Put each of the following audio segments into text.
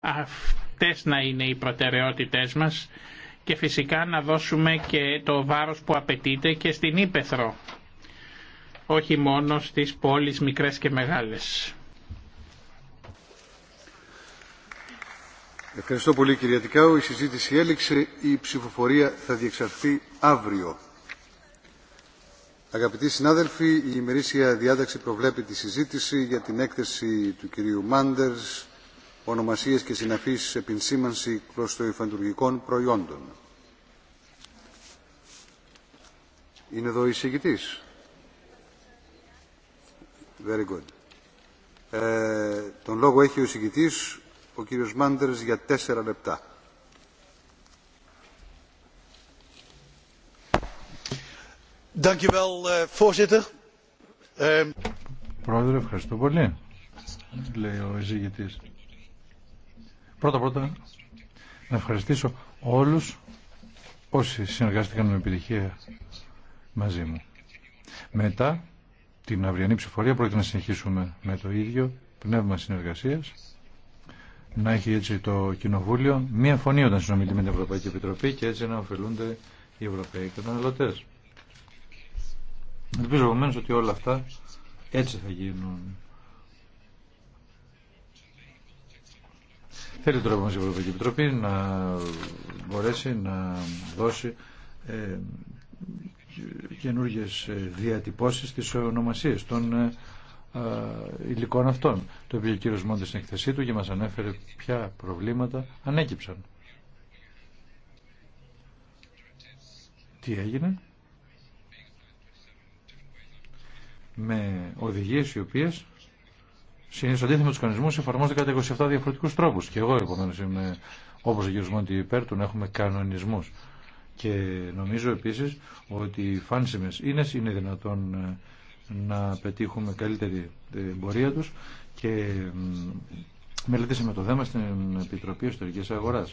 Αυτές να είναι οι προτεραιότητες μας και φυσικά να δώσουμε και το βάρος που απαιτείται και στην Ήπεθρο, όχι μόνο στις πόλεις μικρές και μεγάλες. Ευχαριστώ πολύ κυρία Τικάου. Η συζήτηση έληξε. Η ψηφοφορία θα διεξαρθεί αύριο. Αγαπητοί συνάδελφοι, η ημερήσια διάταξη προβλέπει τη συζήτηση για την έκθεση του κυρίου Μάντερς ονομασίες και συναφής επισήμανση κλωστοϊφαντουργικών προϊόντων. Είναι εδώ η εισηγητής. Very good. Ε, τον λόγο έχει ο εισηγητής, ο κύριος Μάντερς, για τέσσερα λεπτά. Eh, Πρόεδρε, ευχαριστώ πολύ, λέει ο εισηγητής. Πρώτα πρώτα να ευχαριστήσω όλους όσοι συνεργάστηκαν με επιτυχία μαζί μου. Μετά την αυριανή ψηφορία πρόκειται να συνεχίσουμε με το ίδιο πνεύμα συνεργασίας να έχει έτσι το Κοινοβούλιο μία φωνή όταν συνομιλεί με την Ευρωπαϊκή Επιτροπή και έτσι να ωφελούνται οι Ευρωπαίοι καταναλωτέ. Ελπίζω επομένω ότι όλα αυτά έτσι θα γίνουν. Θέλει τώρα όμως η Ευρωπαϊκή Επιτροπή να μπορέσει να δώσει ε, καινούργιες ε, διατυπώσεις στις ονομασίες των ε, υλικών αυτών. Το οποίο ο κύριος Μόντε στην εκθεσή του και μα ανέφερε ποια προβλήματα ανέκυψαν. Τι έγινε με οδηγίες οι οποίες Συνήθω με του κανονισμού εφαρμόζεται κατά 27 διαφορετικού τρόπου. Και εγώ επομένω είμαι όπω ο κ. Μόντι υπέρ του να έχουμε κανονισμού. Και νομίζω επίση ότι οι φάνσιμε είναι, είναι δυνατόν ε, να πετύχουμε καλύτερη ε, πορεία του και μελετήσαμε το θέμα στην Επιτροπή Ιστορική Αγορά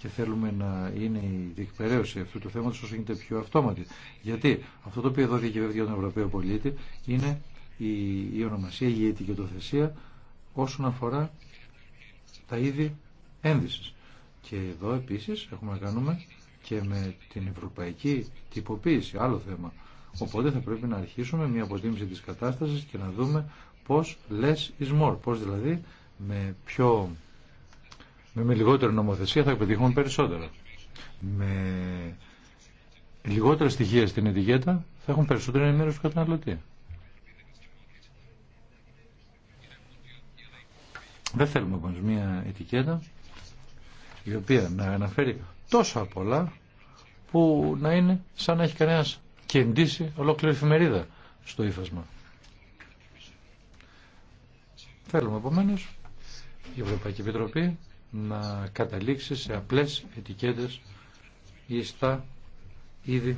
και θέλουμε να είναι η διεκπαιρέωση αυτού του θέματο όσο γίνεται πιο αυτόματη. Γιατί αυτό το οποίο εδώ διακυβεύεται για τον Ευρωπαίο πολίτη είναι η, η ονομασία, η ετικετοθεσία όσον αφορά τα είδη ένδυσης. Και εδώ επίσης έχουμε να κάνουμε και με την ευρωπαϊκή τυποποίηση, άλλο θέμα. Οπότε θα πρέπει να αρχίσουμε μια αποτίμηση της κατάστασης και να δούμε πώς less is more, πώς δηλαδή με πιο με, λιγότερη νομοθεσία θα πετύχουμε περισσότερα. Με λιγότερα στοιχεία στην ετικέτα θα έχουν περισσότερη ενημέρωση του καταναλωτή. Δεν θέλουμε όμω μια ετικέτα η οποία να αναφέρει τόσα πολλά που να είναι σαν να έχει κανένα κεντήσει ολόκληρη εφημερίδα στο ύφασμα. Θέλουμε επομένω η Ευρωπαϊκή Επιτροπή να καταλήξει σε απλές ετικέτες ή στα είδη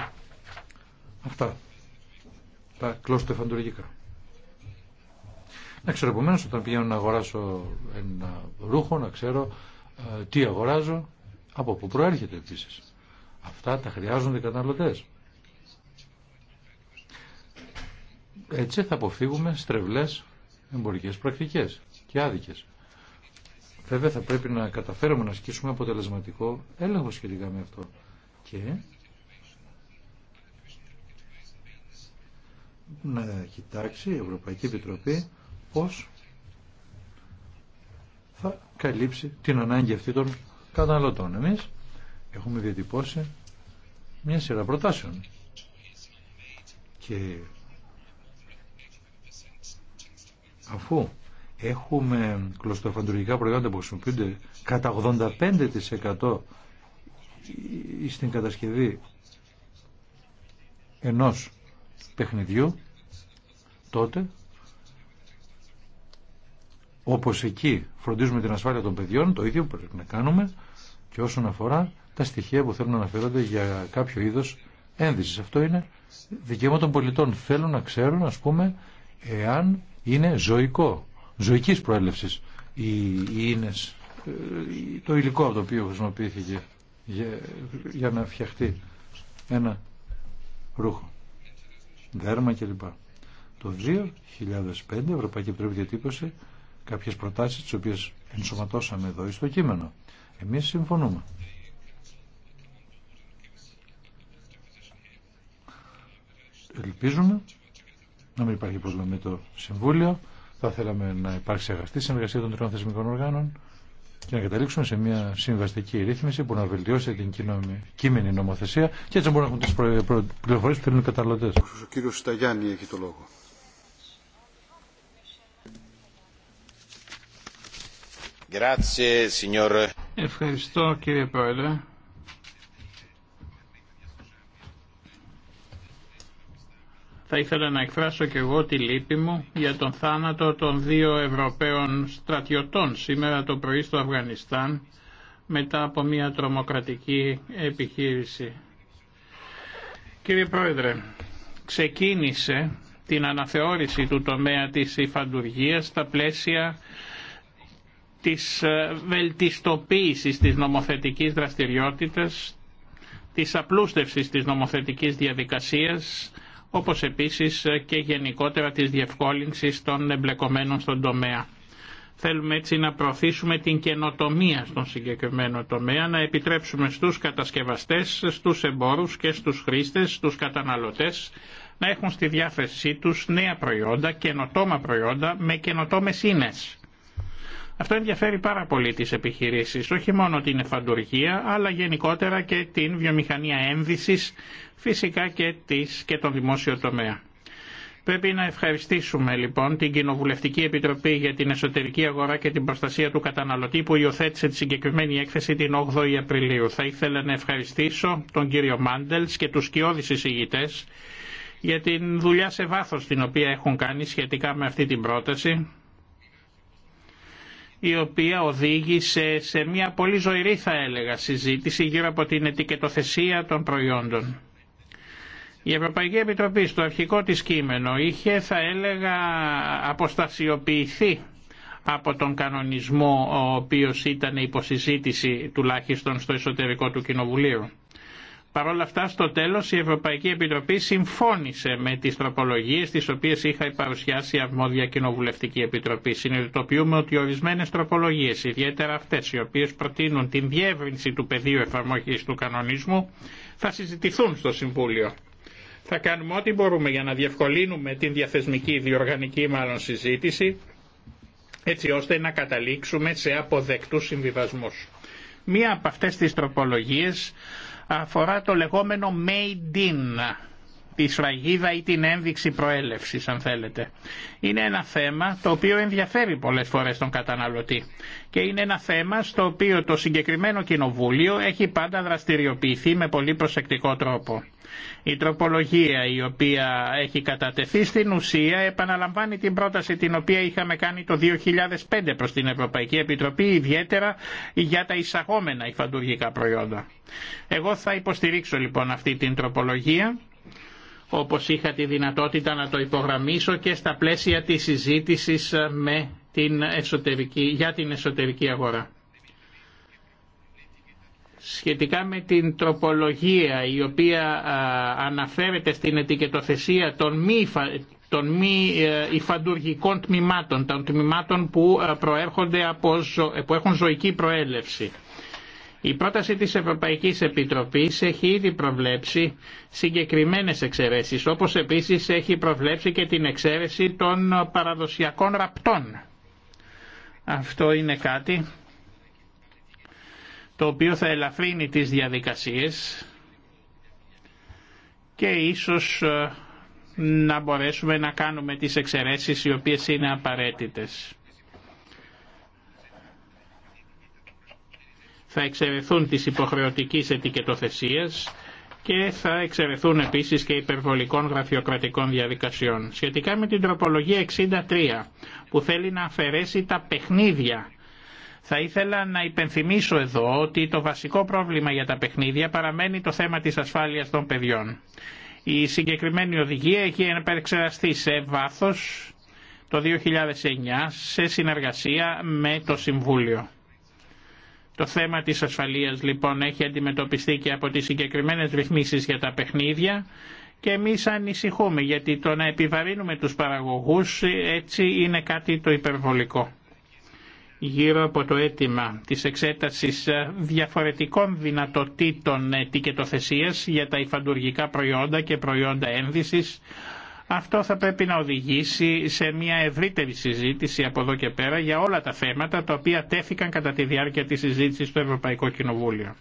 αυτά, τα κλώστο φαντουργικά. Να ξέρω επομένω όταν πηγαίνω να αγοράσω ένα ρούχο, να ξέρω ε, τι αγοράζω, από πού προέρχεται επίση. Αυτά τα χρειάζονται οι καταναλωτέ. Έτσι θα αποφύγουμε στρεβλέ εμπορικέ πρακτικέ και άδικε. Βέβαια θα πρέπει να καταφέρουμε να ασκήσουμε αποτελεσματικό έλεγχο σχετικά με αυτό. Και να κοιτάξει η Ευρωπαϊκή Επιτροπή πώς θα καλύψει την ανάγκη αυτή των καταναλωτών. Εμείς έχουμε διατυπώσει μια σειρά προτάσεων και αφού έχουμε κλωστοφαντουργικά προϊόντα που χρησιμοποιούνται κατά 85% στην κατασκευή ενός παιχνιδιού τότε όπως εκεί φροντίζουμε την ασφάλεια των παιδιών, το ίδιο πρέπει να κάνουμε και όσον αφορά τα στοιχεία που θέλουν να αναφέρονται για κάποιο είδος ένδυση. Αυτό είναι δικαίωμα των πολιτών. Θέλουν να ξέρουν, α πούμε, εάν είναι ζωικό, ζωικής προέλευσης οι ίνες, ε, το υλικό από το οποίο χρησιμοποιήθηκε για, για να φτιαχτεί ένα ρούχο, δέρμα κλπ. Το 2005 η Ευρωπαϊκή Επιτροπή διατύπωση κάποιες προτάσεις τις οποίες ενσωματώσαμε εδώ στο κείμενο. Εμείς συμφωνούμε. Ελπίζουμε να μην υπάρχει πρόβλημα με το Συμβούλιο. Θα θέλαμε να υπάρξει αγαστή συνεργασία των τριών θεσμικών οργάνων και να καταλήξουμε σε μια συμβαστική ρύθμιση που να βελτιώσει την κείμενη νομοθεσία και έτσι να μπορούμε να έχουμε τι πληροφορίε που θέλουν οι καταναλωτέ. Ο Σταγιάννη έχει το λόγο. Ευχαριστώ κύριε Πρόεδρε. Θα ήθελα να εκφράσω και εγώ τη λύπη μου για τον θάνατο των δύο Ευρωπαίων στρατιωτών σήμερα το πρωί στο Αφγανιστάν μετά από μια τρομοκρατική επιχείρηση. Κύριε Πρόεδρε, ξεκίνησε την αναθεώρηση του τομέα της υφαντουργίας στα πλαίσια της ε, βελτιστοποίησης της νομοθετικής δραστηριότητας, της απλούστευσης της νομοθετικής διαδικασίας, όπως επίσης ε, και γενικότερα της διευκόλυνσης των εμπλεκομένων στον τομέα. Θέλουμε έτσι να προωθήσουμε την καινοτομία στον συγκεκριμένο τομέα, να επιτρέψουμε στους κατασκευαστές, στους εμπόρους και στους χρήστες, στους καταναλωτές, να έχουν στη διάθεσή τους νέα προϊόντα, καινοτόμα προϊόντα με καινοτόμες ίνες. Αυτό ενδιαφέρει πάρα πολύ τις επιχειρήσεις, όχι μόνο την εφαντουργία, αλλά γενικότερα και την βιομηχανία ένδυσης, φυσικά και, το και τον δημόσιο τομέα. Πρέπει να ευχαριστήσουμε λοιπόν την Κοινοβουλευτική Επιτροπή για την Εσωτερική Αγορά και την Προστασία του Καταναλωτή που υιοθέτησε τη συγκεκριμένη έκθεση την 8η Απριλίου. Θα ήθελα να ευχαριστήσω τον κύριο Μάντελ και του σκιώδει εισηγητέ για την δουλειά σε βάθος την οποία έχουν κάνει σχετικά με αυτή την πρόταση η οποία οδήγησε σε μια πολύ ζωηρή θα έλεγα συζήτηση γύρω από την ετικετοθεσία των προϊόντων. Η Ευρωπαϊκή Επιτροπή στο αρχικό της κείμενο είχε θα έλεγα αποστασιοποιηθεί από τον κανονισμό ο οποίος ήταν υποσυζήτηση τουλάχιστον στο εσωτερικό του Κοινοβουλίου. Παρ' όλα αυτά στο τέλο, η Ευρωπαϊκή Επιτροπή συμφώνησε με τι τροπολογίε τι οποίε είχα παρουσιάσει η Αρμόδια Κοινοβουλευτική Επιτροπή. Συνειδητοποιούμε ότι ορισμένε τροπολογίε, ιδιαίτερα αυτέ, οι οποίε προτείνουν την διεύρυνση του πεδίου εφαρμογή του κανονισμού, θα συζητηθούν στο Συμβούλιο. Θα κάνουμε ό,τι μπορούμε για να διευκολύνουμε την διαθεσμική, διοργανική μάλλον συζήτηση, έτσι ώστε να καταλήξουμε σε αποδεκτού συμβιβασμού. Μία από αυτέ τι τροπολογίε αφορά το λεγόμενο made in, τη σφραγίδα ή την ένδειξη προέλευσης αν θέλετε. Είναι ένα θέμα το οποίο ενδιαφέρει πολλές φορές τον καταναλωτή και είναι ένα θέμα στο οποίο το συγκεκριμένο κοινοβούλιο έχει πάντα δραστηριοποιηθεί με πολύ προσεκτικό τρόπο. Η τροπολογία η οποία έχει κατατεθεί στην ουσία επαναλαμβάνει την πρόταση την οποία είχαμε κάνει το 2005 προς την Ευρωπαϊκή Επιτροπή ιδιαίτερα για τα εισαγόμενα υφαντουργικά προϊόντα. Εγώ θα υποστηρίξω λοιπόν αυτή την τροπολογία όπως είχα τη δυνατότητα να το υπογραμμίσω και στα πλαίσια της συζήτησης με την για την εσωτερική αγορά σχετικά με την τροπολογία η οποία αναφέρεται στην ετικετοθεσία των μη, των μη ε, υφαντουργικών τμήματων, των τμήματων που, προέρχονται από, που έχουν ζωική προέλευση. Η πρόταση της Ευρωπαϊκής Επιτροπής έχει ήδη προβλέψει συγκεκριμένες εξαιρέσεις, όπως επίσης έχει προβλέψει και την εξαίρεση των παραδοσιακών ραπτών. Αυτό είναι κάτι το οποίο θα ελαφρύνει τις διαδικασίες και ίσως ε, να μπορέσουμε να κάνουμε τις εξαιρέσεις οι οποίες είναι απαραίτητες. Θα εξαιρεθούν τις υποχρεωτικής ετικετοθεσίας και θα εξαιρεθούν επίσης και υπερβολικών γραφειοκρατικών διαδικασιών. Σχετικά με την τροπολογία 63 που θέλει να αφαιρέσει τα παιχνίδια θα ήθελα να υπενθυμίσω εδώ ότι το βασικό πρόβλημα για τα παιχνίδια παραμένει το θέμα της ασφάλειας των παιδιών. Η συγκεκριμένη οδηγία έχει επεξεργαστεί σε βάθος το 2009 σε συνεργασία με το Συμβούλιο. Το θέμα της ασφαλείας λοιπόν έχει αντιμετωπιστεί και από τις συγκεκριμένες ρυθμίσεις για τα παιχνίδια και εμείς ανησυχούμε γιατί το να επιβαρύνουμε τους παραγωγούς έτσι είναι κάτι το υπερβολικό γύρω από το αίτημα της εξέτασης ε, διαφορετικών δυνατοτήτων ετικετοθεσίας για τα υφαντουργικά προϊόντα και προϊόντα ένδυσης. Αυτό θα πρέπει να οδηγήσει σε μια ευρύτερη συζήτηση από εδώ και πέρα για όλα τα θέματα τα οποία τέθηκαν κατά τη διάρκεια της συζήτησης στο Ευρωπαϊκό Κοινοβούλιο.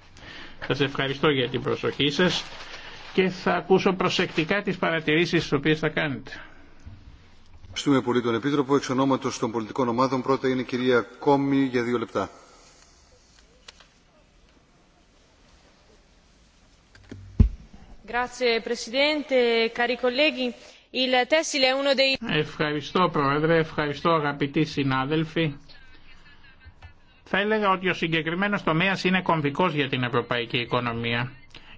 Σας ευχαριστώ για την προσοχή σας και θα ακούσω προσεκτικά τις παρατηρήσεις τις οποίες θα κάνετε. Ευχαριστούμε πολύ τον Επίτροπο. Εξ ονόματος των πολιτικών ομάδων πρώτα είναι η κυρία Κόμη για δύο λεπτά. Ευχαριστώ Πρόεδρε, ευχαριστώ αγαπητοί συνάδελφοι. Θα έλεγα ότι ο συγκεκριμένος τομέας είναι κομβικός για την ευρωπαϊκή οικονομία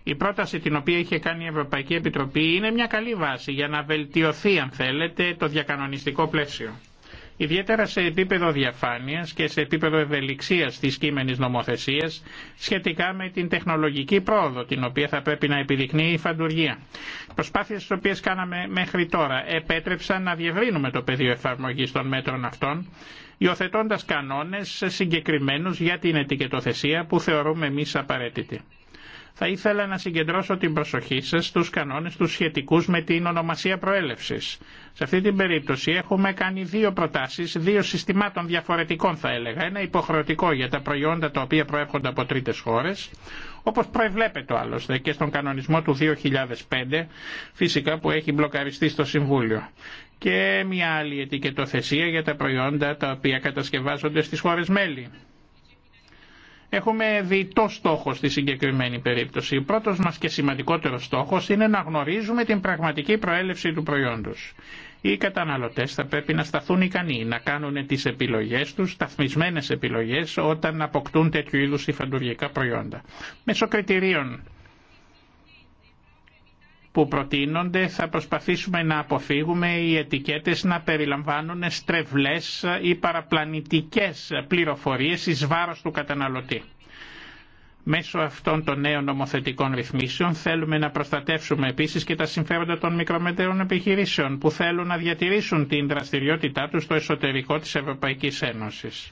η πρόταση την οποία είχε κάνει η Ευρωπαϊκή Επιτροπή είναι μια καλή βάση για να βελτιωθεί, αν θέλετε, το διακανονιστικό πλαίσιο. Ιδιαίτερα σε επίπεδο διαφάνειας και σε επίπεδο ευελιξίας της κείμενης νομοθεσίας σχετικά με την τεχνολογική πρόοδο την οποία θα πρέπει να επιδεικνύει η φαντουργία. Προσπάθειες τις οποίες κάναμε μέχρι τώρα επέτρεψαν να διευρύνουμε το πεδίο εφαρμογής των μέτρων αυτών υιοθετώντα κανόνες συγκεκριμένους για την ετικετοθεσία που θεωρούμε εμεί απαραίτητη. Θα ήθελα να συγκεντρώσω την προσοχή σα στου κανόνε του σχετικού με την ονομασία προέλευση. Σε αυτή την περίπτωση έχουμε κάνει δύο προτάσει, δύο συστημάτων διαφορετικών θα έλεγα. Ένα υποχρεωτικό για τα προϊόντα τα οποία προέρχονται από τρίτες χώρες, όπως προεβλέπεται άλλωστε και στον κανονισμό του 2005, φυσικά που έχει μπλοκαριστεί στο Συμβούλιο και μια άλλη ετικετοθεσία για τα προϊόντα τα οποία κατασκευάζονται στι χώρε μέλη. Έχουμε διητό στόχο στη συγκεκριμένη περίπτωση. Ο πρώτος μας και σημαντικότερος στόχος είναι να γνωρίζουμε την πραγματική προέλευση του προϊόντος. Οι καταναλωτές θα πρέπει να σταθούν ικανοί να κάνουν τις επιλογές τους, ταθμισμένες επιλογές, όταν αποκτούν τέτοιου είδους υφαντουργικά προϊόντα. Μέσω κριτηρίων που προτείνονται θα προσπαθήσουμε να αποφύγουμε οι ετικέτες να περιλαμβάνουν στρεβλές ή παραπλανητικές πληροφορίες εις βάρος του καταναλωτή. Μέσω αυτών των νέων νομοθετικών ρυθμίσεων θέλουμε να προστατεύσουμε επίσης και τα συμφέροντα των μικρομετέρων επιχειρήσεων που θέλουν να διατηρήσουν την δραστηριότητά τους στο εσωτερικό της Ευρωπαϊκής Ένωσης.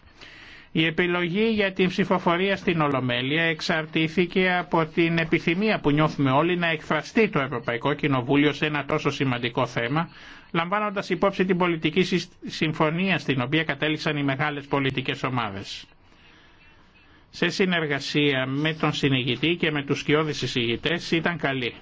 Η επιλογή για την ψηφοφορία στην Ολομέλεια εξαρτήθηκε από την επιθυμία που νιώθουμε όλοι να εκφραστεί το Ευρωπαϊκό Κοινοβούλιο σε ένα τόσο σημαντικό θέμα, λαμβάνοντας υπόψη την πολιτική συμφωνία στην οποία κατέληξαν οι μεγάλες πολιτικές ομάδες. Σε συνεργασία με τον συνηγητή και με τους σκιώδεις εισηγητές ήταν καλή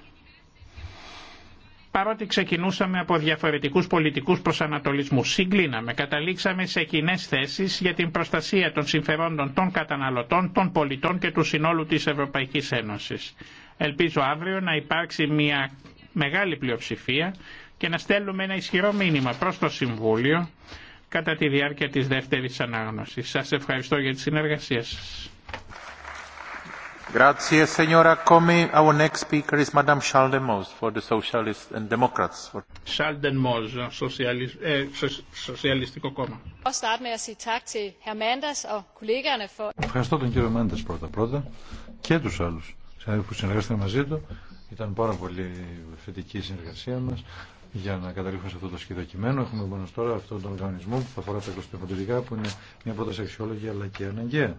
παρότι ξεκινούσαμε από διαφορετικούς πολιτικούς προσανατολισμούς. Συγκλίναμε, καταλήξαμε σε κοινέ θέσεις για την προστασία των συμφερόντων των καταναλωτών, των πολιτών και του συνόλου της Ευρωπαϊκής Ένωσης. Ελπίζω αύριο να υπάρξει μια μεγάλη πλειοψηφία και να στέλνουμε ένα ισχυρό μήνυμα προς το Συμβούλιο κατά τη διάρκεια της δεύτερης ανάγνωσης. Σας ευχαριστώ για τη συνεργασία σας. Ευχαριστώ τον κύριο Μάντες πρώτα πρώτα και τους άλλους που συνεργάστηκαν μαζί του. Ήταν πάρα πολύ θετική η συνεργασία μας για να καταλήξουμε σε αυτό το σχέδιο κειμένο. Έχουμε μόνο τώρα αυτόν τον οργανισμό που θα αφορά τα κλωστοφαντηρικά που είναι μια πρόταση αξιόλογη αλλά και αναγκαία.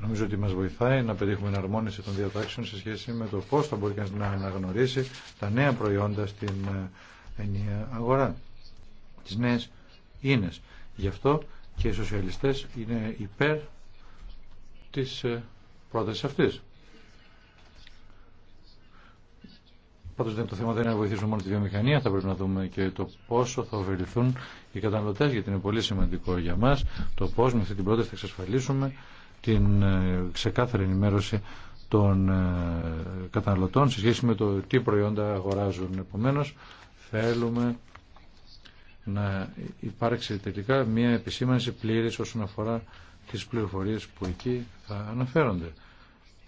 Νομίζω ότι μας βοηθάει να πετύχουμε εναρμόνιση των διατάξεων σε σχέση με το πώς θα μπορεί να αναγνωρίσει τα νέα προϊόντα στην ε, ενιαία αγορά, τις νέες ίνες. Γι' αυτό και οι σοσιαλιστές είναι υπέρ της ε, πρότασης αυτής. Πάντω το θέμα δεν είναι να βοηθήσουμε μόνο τη βιομηχανία, θα πρέπει να δούμε και το πόσο θα ωφεληθούν οι καταναλωτέ, γιατί είναι πολύ σημαντικό για μα το πώ με αυτή την πρόταση θα εξασφαλίσουμε την ε, ξεκάθαρη ενημέρωση των ε, καταναλωτών σε σχέση με το τι προϊόντα αγοράζουν. Επομένως, θέλουμε να υπάρξει τελικά μια επισήμανση πλήρης όσον αφορά τις πληροφορίες που εκεί θα αναφέρονται.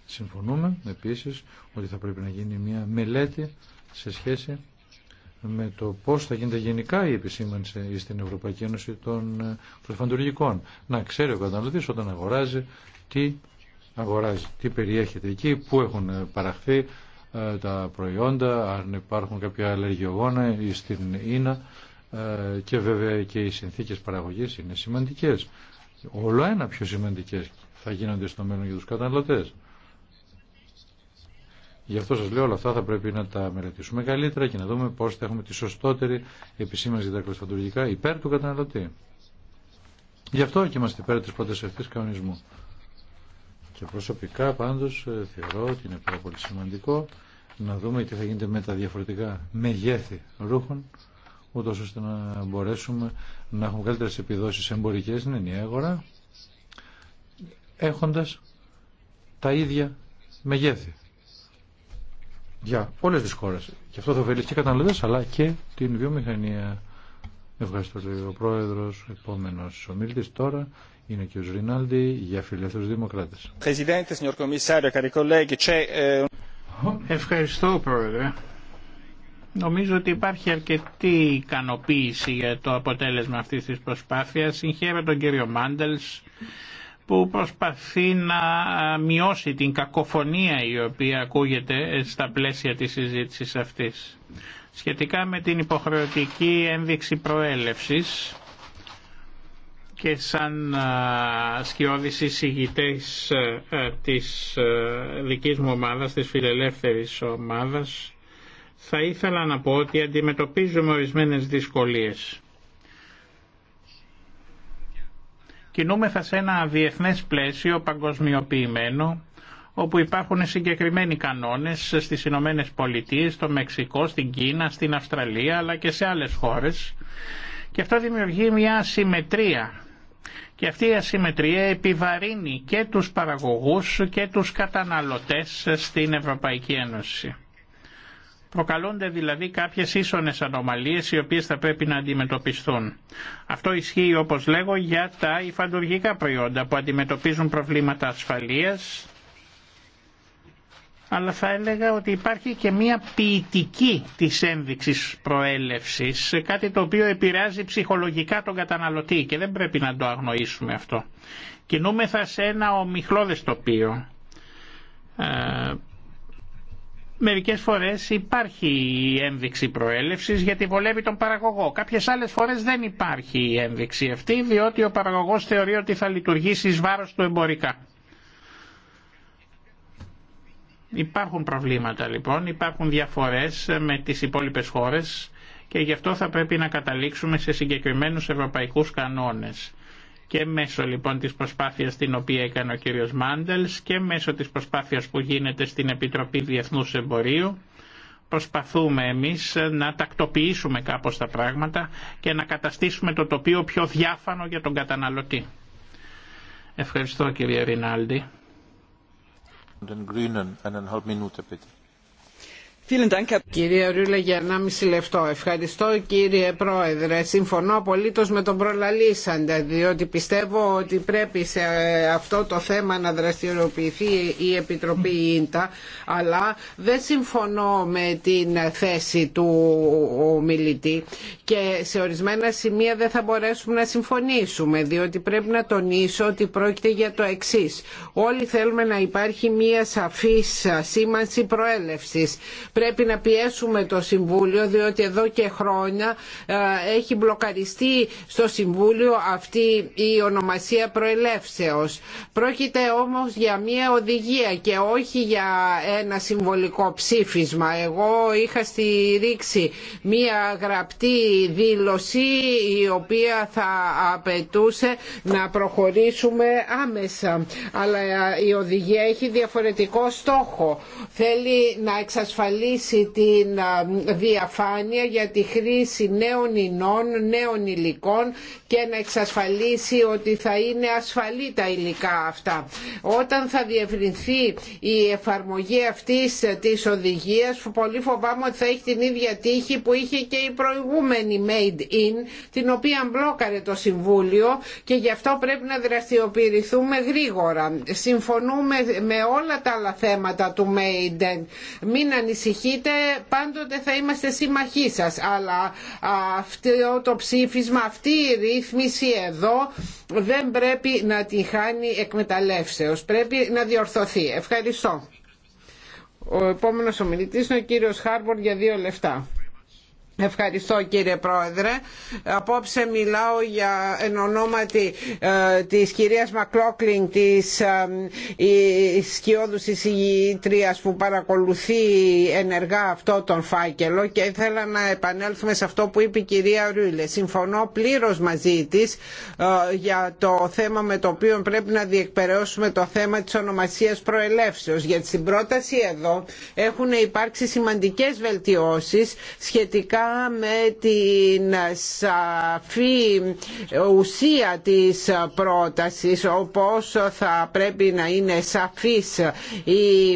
Συμφωνούμε επίσης ότι θα πρέπει να γίνει μια μελέτη σε σχέση με το πώς θα γίνεται γενικά η επισήμανση στην Ευρωπαϊκή Ένωση των ε, Προσφαντουργικών. Να ξέρει ο καταναλωτής όταν αγοράζει τι αγοράζει, τι περιέχεται εκεί, πού έχουν ε, παραχθεί ε, τα προϊόντα, αν υπάρχουν κάποια αλλεργιογόνα ή στην ίνα και βέβαια και οι συνθήκες παραγωγής είναι σημαντικές. Όλο ένα πιο σημαντικές θα γίνονται στο μέλλον για τους καταναλωτές. Γι' αυτό σα λέω όλα αυτά θα πρέπει να τα μελετήσουμε καλύτερα και να δούμε πώ θα έχουμε τη σωστότερη επισήμανση για τα υπέρ του καταναλωτή. Γι' αυτό και είμαστε υπέρ τη πρώτη ευθύ κανονισμού. Και προσωπικά πάντως ε, θεωρώ ότι είναι πάρα πολύ σημαντικό να δούμε τι θα γίνεται με τα διαφορετικά μεγέθη ρούχων ούτω ώστε να μπορέσουμε να έχουμε καλύτερε επιδόσει εμπορικέ στην ενιαία αγορά έχοντας τα ίδια μεγέθη για όλες τις χώρες. Και αυτό θα ωφελήσει και καταναλωτές αλλά και την βιομηχανία. Ευχαριστώ λέει ο Πρόεδρος, επόμενος ομίλητης τώρα είναι ο κ. Ρινάλντι για φιλελεύθερους δημοκράτες. Eh, Ευχαριστώ Πρόεδρε. Νομίζω ότι υπάρχει αρκετή ικανοποίηση για το αποτέλεσμα αυτής της προσπάθειας. Συγχαίρω τον κύριο Μάντελς που προσπαθεί να μειώσει την κακοφωνία η οποία ακούγεται ε, στα πλαίσια της συζήτησης αυτής. Σχετικά με την υποχρεωτική ένδειξη προέλευσης και σαν σκιώδης εισηγητές ε, ε, της δικής μου ομάδας, της φιλελεύθερης ομάδας, θα ήθελα να πω ότι αντιμετωπίζουμε ορισμένες δυσκολίες Κινούμεθα σε ένα διεθνές πλαίσιο παγκοσμιοποιημένο όπου υπάρχουν συγκεκριμένοι κανόνες στις Ηνωμένε Πολιτείες, στο Μεξικό, στην Κίνα, στην Αυστραλία αλλά και σε άλλες χώρες και αυτό δημιουργεί μια ασυμμετρία και αυτή η ασυμμετρία επιβαρύνει και τους παραγωγούς και τους καταναλωτές στην Ευρωπαϊκή Ένωση. Προκαλούνται δηλαδή κάποιες ίσονες ανομαλίε οι οποίες θα πρέπει να αντιμετωπιστούν. Αυτό ισχύει όπως λέγω για τα υφαντουργικά προϊόντα που αντιμετωπίζουν προβλήματα ασφαλείας αλλά θα έλεγα ότι υπάρχει και μία ποιητική της ένδειξης προέλευσης, κάτι το οποίο επηρεάζει ψυχολογικά τον καταναλωτή και δεν πρέπει να το αγνοήσουμε αυτό. Κινούμεθα σε ένα ομιχλώδες τοπίο ε, μερικές φορές υπάρχει η ένδειξη προέλευσης γιατί βολεύει τον παραγωγό. Κάποιες άλλες φορές δεν υπάρχει η ένδειξη αυτή διότι ο παραγωγός θεωρεί ότι θα λειτουργήσει εις βάρος του εμπορικά. Υπάρχουν προβλήματα λοιπόν, υπάρχουν διαφορές με τις υπόλοιπες χώρες και γι' αυτό θα πρέπει να καταλήξουμε σε συγκεκριμένους ευρωπαϊκούς κανόνες και μέσω λοιπόν της προσπάθειας την οποία έκανε ο κύριος Μάντελς και μέσω της προσπάθειας που γίνεται στην Επιτροπή Διεθνούς Εμπορίου προσπαθούμε εμείς να τακτοποιήσουμε κάπως τα πράγματα και να καταστήσουμε το τοπίο πιο διάφανο για τον καταναλωτή. Ευχαριστώ κύριε Ρινάλντι. Κύριε Ρούλα, για 1,5 λεπτό. Ευχαριστώ κύριε Πρόεδρε. Συμφωνώ απολύτως με τον προλαλήσαντα, διότι πιστεύω ότι πρέπει σε αυτό το θέμα να δραστηριοποιηθεί η Επιτροπή Ίντα, αλλά δεν συμφωνώ με την θέση του μιλητή και σε ορισμένα σημεία δεν θα μπορέσουμε να συμφωνήσουμε, διότι πρέπει να τονίσω ότι πρόκειται για το εξή. Όλοι θέλουμε να υπάρχει μια σαφή σήμανση προέλευσης Πρέπει να πιέσουμε το Συμβούλιο διότι εδώ και χρόνια ε, έχει μπλοκαριστεί στο Συμβούλιο αυτή η ονομασία προελεύσεως. Πρόκειται όμως για μια οδηγία και όχι για ένα συμβολικό ψήφισμα. Εγώ είχα στηρίξει μια γραπτή δήλωση η οποία θα απαιτούσε να προχωρήσουμε άμεσα. Αλλά η οδηγία έχει διαφορετικό στόχο. Θέλει να εξασφαλίσει την διαφάνεια για τη χρήση νέων ινών, νέων υλικών και να εξασφαλίσει ότι θα είναι ασφαλή τα υλικά αυτά. Όταν θα διευρυνθεί η εφαρμογή αυτής της οδηγίας πολύ φοβάμαι ότι θα έχει την ίδια τύχη που είχε και η προηγούμενη Made In την οποία μπλόκαρε το Συμβούλιο και γι' αυτό πρέπει να δραστηριοποιηθούμε γρήγορα. Συμφωνούμε με όλα τα άλλα θέματα του Made In ανησυχείτε πάντοτε θα είμαστε σύμμαχοί σας αλλά αυτό το ψήφισμα αυτή η ρύθμιση εδώ δεν πρέπει να τη χάνει εκμεταλλεύσεως πρέπει να διορθωθεί ευχαριστώ ο επόμενος ομιλητής είναι ο κύριος Χάρμπορ για δύο λεφτά Ευχαριστώ κύριε Πρόεδρε. Απόψε μιλάω για εν ονόματι ε, της κυρίας Μακλόκλιν της ε, ηγητρίας που παρακολουθεί ενεργά αυτό τον φάκελο και ήθελα να επανέλθουμε σε αυτό που είπε η κυρία Ρούιλε. Συμφωνώ πλήρως μαζί της ε, για το θέμα με το οποίο πρέπει να διεκπαιρεώσουμε το θέμα της ονομασίας προελεύσεως. Γιατί στην πρόταση εδώ έχουν υπάρξει σημαντικές βελτιώσεις σχετικά με την σαφή ουσία της πρότασης όπως θα πρέπει να είναι σαφής η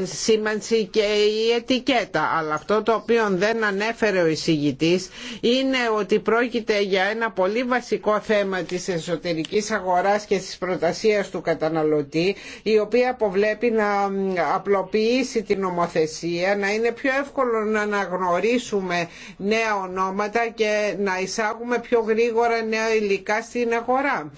ε, σήμανση και η ετικέτα αλλά αυτό το οποίο δεν ανέφερε ο εισηγητής είναι ότι πρόκειται για ένα πολύ βασικό θέμα της εσωτερικής αγοράς και της προτασίας του καταναλωτή η οποία αποβλέπει να απλοποιήσει την νομοθεσία να είναι πιο εύκολο να αναγνωρίσουμε νέα ονόματα και να εισάγουμε πιο γρήγορα νέα υλικά στην αγορά.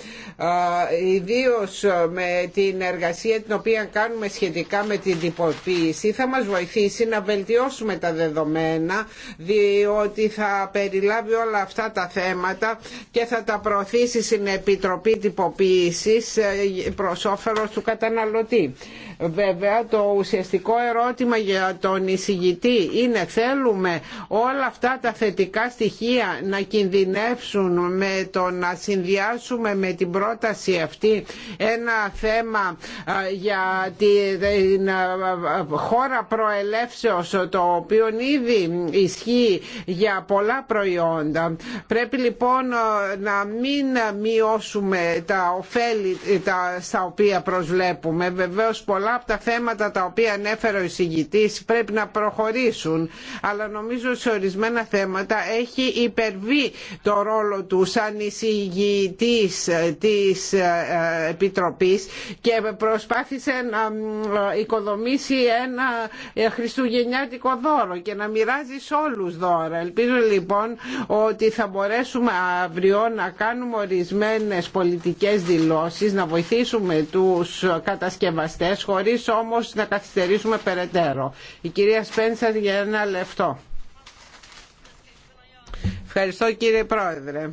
Ιδίω ε, με την εργασία την οποία κάνουμε σχετικά με την τυποποίηση θα μας βοηθήσει να βελτιώσουμε τα δεδομένα διότι θα περιλάβει όλα αυτά τα θέματα και θα τα προωθήσει στην Επιτροπή Τυποποίησης ε, προς όφελος του καταναλωτή. Βέβαια το ουσιαστικό ερώτημα για τον εισηγητή είναι θέλουμε όλα αυτά τα θετικά στοιχεία να κινδυνεύσουν με το να συνδυάσουμε με την πρόταση αυτή ένα θέμα για την χώρα προελεύσεως το οποίο ήδη ισχύει για πολλά προϊόντα. Πρέπει λοιπόν να μην μειώσουμε τα ωφέλη τα, στα οποία προσβλέπουμε. Βεβαίως πολλά από τα θέματα τα οποία ανέφερε ο εισηγητής πρέπει να προχωρήσουν αλλά νομίζω σε ορισμένα θέματα έχει υπερβεί το ρόλο του σαν εισηγητής της ε, Επιτροπής και προσπάθησε να ε, οικοδομήσει ένα ε, χριστουγεννιάτικο δώρο και να μοιράζει σε όλους δώρα. Ελπίζω λοιπόν ότι θα μπορέσουμε αύριο να κάνουμε ορισμένες πολιτικές δηλώσεις, να βοηθήσουμε τους κατασκευαστές χωρίς όμως να καθυστερήσουμε περαιτέρω. Η κυρία Σπένσερ για ένα λεπτό. Ευχαριστώ κύριε Πρόεδρε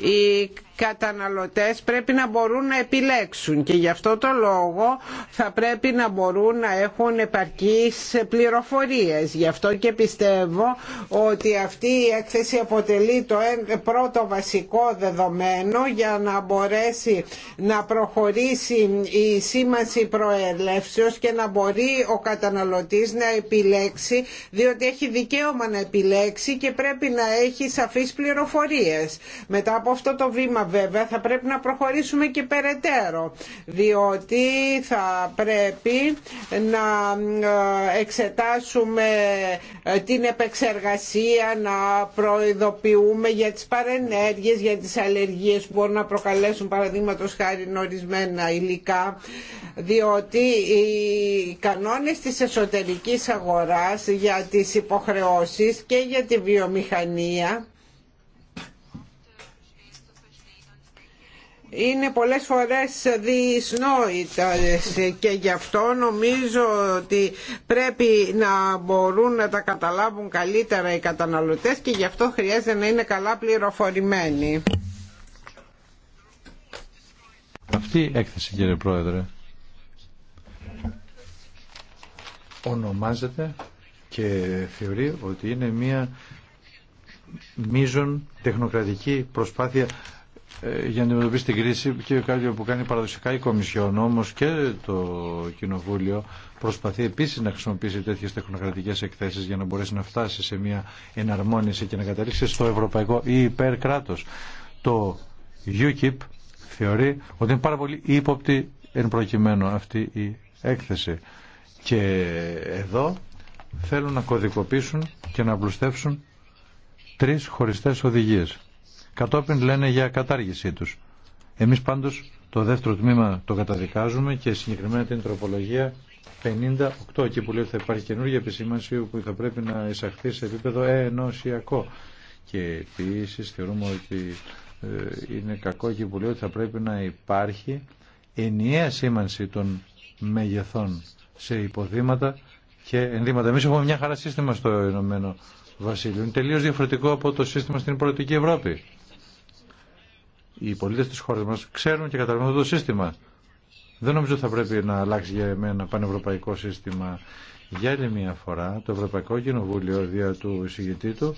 η καταναλωτές πρέπει να μπορούν να επιλέξουν και γι' αυτό το λόγο θα πρέπει να μπορούν να έχουν επαρκείς πληροφορίες. Γι' αυτό και πιστεύω ότι αυτή η έκθεση αποτελεί το πρώτο βασικό δεδομένο για να μπορέσει να προχωρήσει η σήμανση προελεύσεως και να μπορεί ο καταναλωτής να επιλέξει διότι έχει δικαίωμα να επιλέξει και πρέπει να έχει σαφείς πληροφορίες. Μετά από αυτό το βήμα βέβαια θα πρέπει να προχωρήσουμε και περαιτέρω διότι θα πρέπει να ε, εξετάσουμε ε, την επεξεργασία, να προειδοποιούμε για τις παρενέργειες, για τις αλλεργίες που μπορούν να προκαλέσουν παραδείγματος χάρη ορισμένα υλικά διότι οι κανόνες της εσωτερικής αγοράς για τις υποχρεώσεις και για τη βιομηχανία είναι πολλές φορές δυσνόητες και γι' αυτό νομίζω ότι πρέπει να μπορούν να τα καταλάβουν καλύτερα οι καταναλωτές και γι' αυτό χρειάζεται να είναι καλά πληροφορημένοι. Αυτή η έκθεση κύριε Πρόεδρε ονομάζεται και θεωρεί ότι είναι μία μείζον τεχνοκρατική προσπάθεια ε, για να αντιμετωπίσει την κρίση και κάτι που κάνει παραδοσιακά η Κομισιόν όμως και το Κοινοβούλιο προσπαθεί επίσης να χρησιμοποιήσει τέτοιες τεχνοκρατικές εκθέσεις για να μπορέσει να φτάσει σε μια εναρμόνιση και να καταλήξει στο ευρωπαϊκό ή υπερκράτος. Το UKIP θεωρεί ότι είναι πάρα πολύ ύποπτη εν προκειμένου αυτή η έκθεση. Και εδώ θέλουν να κωδικοποιήσουν και να απλουστεύσουν τρεις χωριστές οδηγίες κατόπιν λένε για κατάργησή τους. Εμείς πάντως το δεύτερο τμήμα το καταδικάζουμε και συγκεκριμένα την τροπολογία 58 εκεί που λέει ότι θα υπάρχει καινούργια επισήμανση που θα πρέπει να εισαχθεί σε επίπεδο ενωσιακό. Και επίση θεωρούμε ότι ε, είναι κακό εκεί που λέει ότι θα πρέπει να υπάρχει ενιαία σήμανση των μεγεθών σε υποδήματα και ενδύματα. Εμεί έχουμε μια χαρά σύστημα στο Ηνωμένο Βασίλειο. Είναι τελείω διαφορετικό από το σύστημα στην Πολιτική Ευρώπη οι πολίτες της χώρας μας ξέρουν και καταλαβαίνουν αυτό το σύστημα. Δεν νομίζω ότι θα πρέπει να αλλάξει για ένα πανευρωπαϊκό σύστημα. Για άλλη μια φορά το Ευρωπαϊκό Κοινοβούλιο δια του εισηγητή του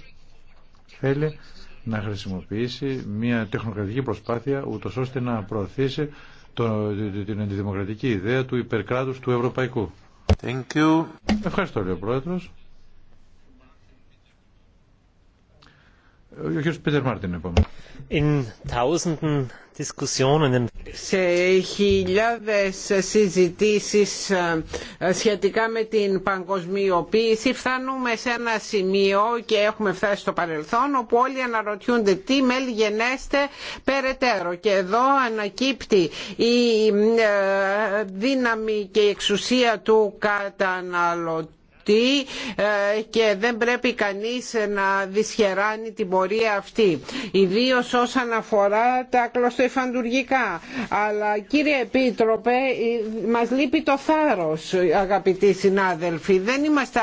θέλει να χρησιμοποιήσει μια τεχνοκρατική προσπάθεια ούτω ώστε να προωθήσει την αντιδημοκρατική ιδέα του υπερκρατου του Ευρωπαϊκού. Thank you. Ευχαριστώ λέει ο σε χιλιάδες συζητήσεις ε, ε, σχετικά με την παγκοσμιοποίηση φτάνουμε σε ένα σημείο και έχουμε φτάσει στο παρελθόν όπου όλοι αναρωτιούνται τι μέλη γενέστε περαιτέρω και εδώ ανακύπτει η ε, δύναμη και η εξουσία του καταναλωτή ε, και δεν πρέπει κανείς να δυσχεράνει την πορεία αυτή. Ιδίως όσον αφορά τα κλωστοϊφαντουργικά. Αλλά κύριε Επίτροπε, μας λείπει το θάρρος αγαπητοί συνάδελφοι. Δεν είμαστε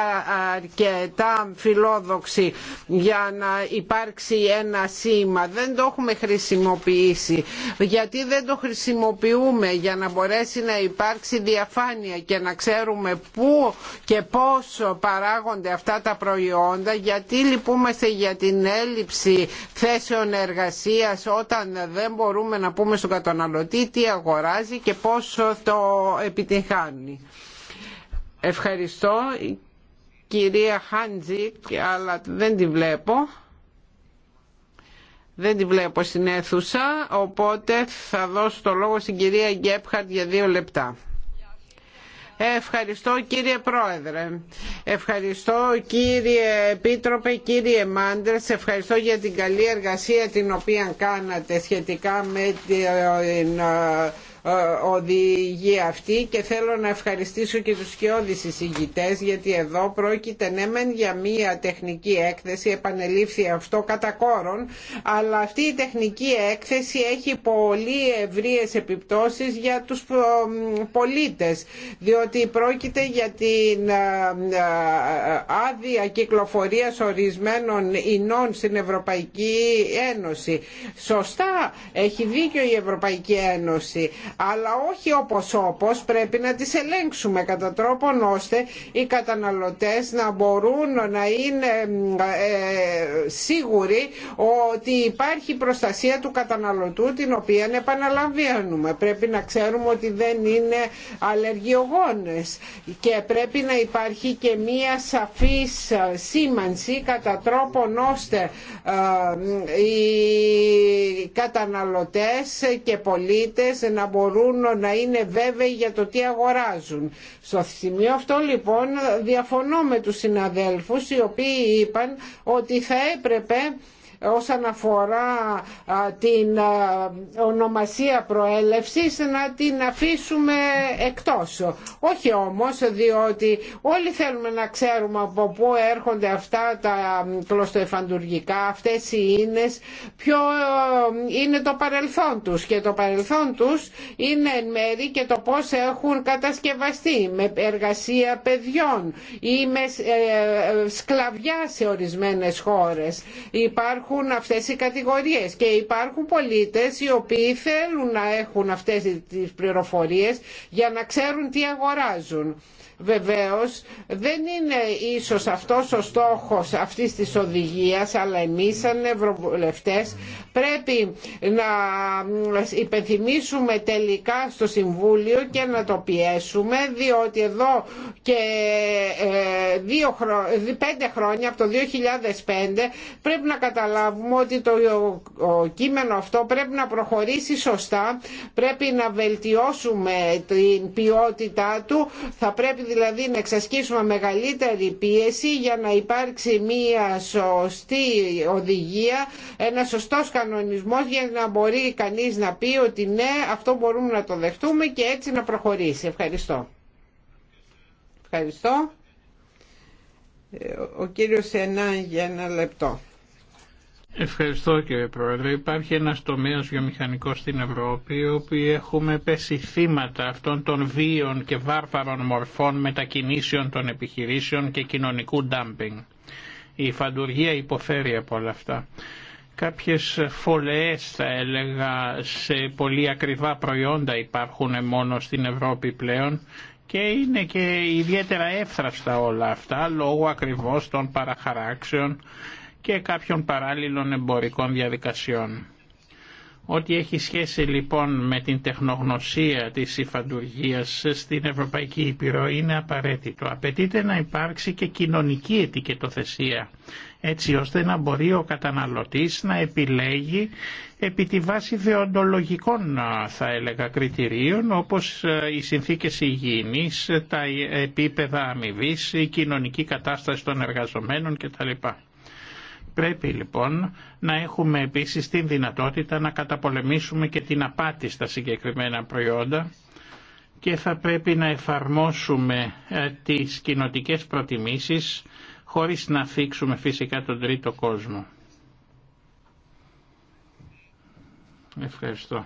αρκετά φιλόδοξοι για να υπάρξει ένα σήμα. Δεν το έχουμε χρησιμοποιήσει. Γιατί δεν το χρησιμοποιούμε για να μπορέσει να υπάρξει διαφάνεια και να ξέρουμε πού και πώς παράγονται αυτά τα προϊόντα, γιατί λυπούμαστε για την έλλειψη θέσεων εργασίας όταν δεν μπορούμε να πούμε στον καταναλωτή τι αγοράζει και πόσο το επιτυχάνει. Ευχαριστώ κυρία Χάντζη, αλλά δεν τη βλέπω. Δεν τη βλέπω στην αίθουσα, οπότε θα δώσω το λόγο στην κυρία Γκέπχαρτ για δύο λεπτά. Ευχαριστώ κύριε Πρόεδρε. Ευχαριστώ κύριε Επίτροπε, κύριε Μάντρες. Ευχαριστώ για την καλή εργασία την οποία κάνατε σχετικά με την ε, ε, οδηγεί αυτή και θέλω να ευχαριστήσω και τους σκιώδεις εισηγητές γιατί εδώ πρόκειται ναι μεν για μία τεχνική έκθεση, επανελήφθη αυτό κατά κόρον, αλλά αυτή η τεχνική έκθεση έχει πολύ ευρείες επιπτώσεις για τους ε, πολίτες διότι πρόκειται για την ε, άδεια κυκλοφορίας ορισμένων ινών στην Ευρωπαϊκή Ένωση. Σωστά έχει δίκιο η Ευρωπαϊκή Ένωση αλλά όχι όπως όπως πρέπει να τις ελέγξουμε κατά τρόπον ώστε οι καταναλωτές να μπορούν να είναι ε, σίγουροι ότι υπάρχει προστασία του καταναλωτού την οποία επαναλαμβάνουμε. Πρέπει να ξέρουμε ότι δεν είναι αλλεργιογόνες και πρέπει να υπάρχει και μία σαφής σήμανση κατά τρόπον ώστε ε, οι καταναλωτές και πολίτες να μπορούν να είναι βέβαιοι για το τι αγοράζουν. Στο σημείο αυτό λοιπόν διαφωνώ με τους συναδέλφους οι οποίοι είπαν ότι θα έπρεπε όσον αφορά την ονομασία προέλευσης να την αφήσουμε εκτός. Όχι όμως διότι όλοι θέλουμε να ξέρουμε από πού έρχονται αυτά τα κλωστοεφαντουργικά, αυτές οι ίνες, ποιο ε, είναι το παρελθόν τους και το παρελθόν τους είναι εν μέρη και το πώς έχουν κατασκευαστεί με εργασία παιδιών ή με ε, ε, σκλαβιά σε ορισμένες χώρες. Υπάρχουν υπάρχουν αυτές οι κατηγορίες και υπάρχουν πολίτες οι οποίοι θέλουν να έχουν αυτές τις πληροφορίες για να ξέρουν τι αγοράζουν. Βεβαίως δεν είναι ίσως αυτός ο στόχος αυτής της οδηγίας αλλά εμείς σαν ευρωβουλευτές πρέπει να υπενθυμίσουμε τελικά στο Συμβούλιο και να το πιέσουμε διότι εδώ και ε, δύο πέντε χρόνια από το 2005 πρέπει να καταλάβουμε ότι το κείμενο αυτό πρέπει να προχωρήσει σωστά πρέπει να βελτιώσουμε την ποιότητά του θα πρέπει δηλαδή να εξασκήσουμε μεγαλύτερη πίεση για να υπάρξει μια σωστή οδηγία ένα σωστό κανονισμός για να μπορεί κανείς να πει ότι ναι αυτό μπορούμε να το δεχτούμε και έτσι να προχωρήσει. Ευχαριστώ. Ευχαριστώ. Ε, ο κύριος Ενάν για ένα λεπτό. Ευχαριστώ κύριε Πρόεδρε. Υπάρχει ένας τομέας βιομηχανικός στην Ευρώπη όπου έχουμε πέσει θύματα αυτών των βίων και βάρβαρων μορφών μετακινήσεων των επιχειρήσεων και κοινωνικού ντάμπινγκ. Η φαντουργία υποφέρει από όλα αυτά. Κάποιες φωλεές θα έλεγα σε πολύ ακριβά προϊόντα υπάρχουν μόνο στην Ευρώπη πλέον και είναι και ιδιαίτερα εύθραυστα όλα αυτά λόγω ακριβώς των παραχαράξεων και κάποιων παράλληλων εμπορικών διαδικασιών. Ό,τι έχει σχέση λοιπόν με την τεχνογνωσία της υφαντουργίας στην Ευρωπαϊκή Ήπειρο είναι απαραίτητο. Απαιτείται να υπάρξει και κοινωνική ετικετοθεσία, έτσι ώστε να μπορεί ο καταναλωτής να επιλέγει επί τη βάση δεοντολογικών θα έλεγα κριτηρίων όπως ε, οι συνθήκες υγιεινής, τα ε, επίπεδα αμοιβή, η κοινωνική κατάσταση των εργαζομένων κτλ. Πρέπει λοιπόν να έχουμε επίσης την δυνατότητα να καταπολεμήσουμε και την απάτη στα συγκεκριμένα προϊόντα και θα πρέπει να εφαρμόσουμε ε, τις κοινοτικές προτιμήσεις χωρίς να αφήξουμε φυσικά τον τρίτο κόσμο. Ευχαριστώ.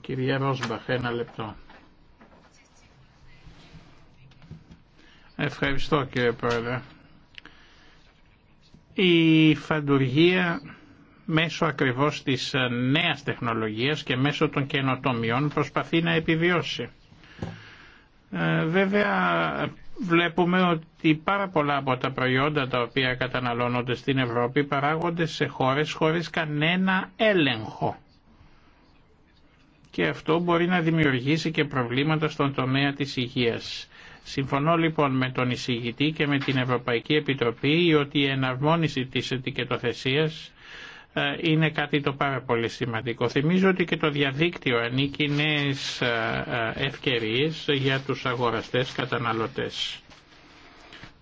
Κυρία Ρόσμπαχ, ένα λεπτό. Ευχαριστώ κύριε Πρόεδρε. Η φαντουργία μέσω ακριβώς της νέας τεχνολογίας και μέσω των καινοτομιών προσπαθεί να επιβιώσει. Ε, βέβαια βλέπουμε ότι πάρα πολλά από τα προϊόντα τα οποία καταναλώνονται στην Ευρώπη παράγονται σε χώρες χωρίς κανένα έλεγχο. Και αυτό μπορεί να δημιουργήσει και προβλήματα στον τομέα της υγείας. Συμφωνώ λοιπόν με τον εισηγητή και με την Ευρωπαϊκή Επιτροπή ότι η εναρμόνιση της ετικετοθεσίας ε, είναι κάτι το πάρα πολύ σημαντικό. Θυμίζω ότι και το διαδίκτυο ανήκει νέε ε, ε, ευκαιρίες για τους αγοραστές καταναλωτές.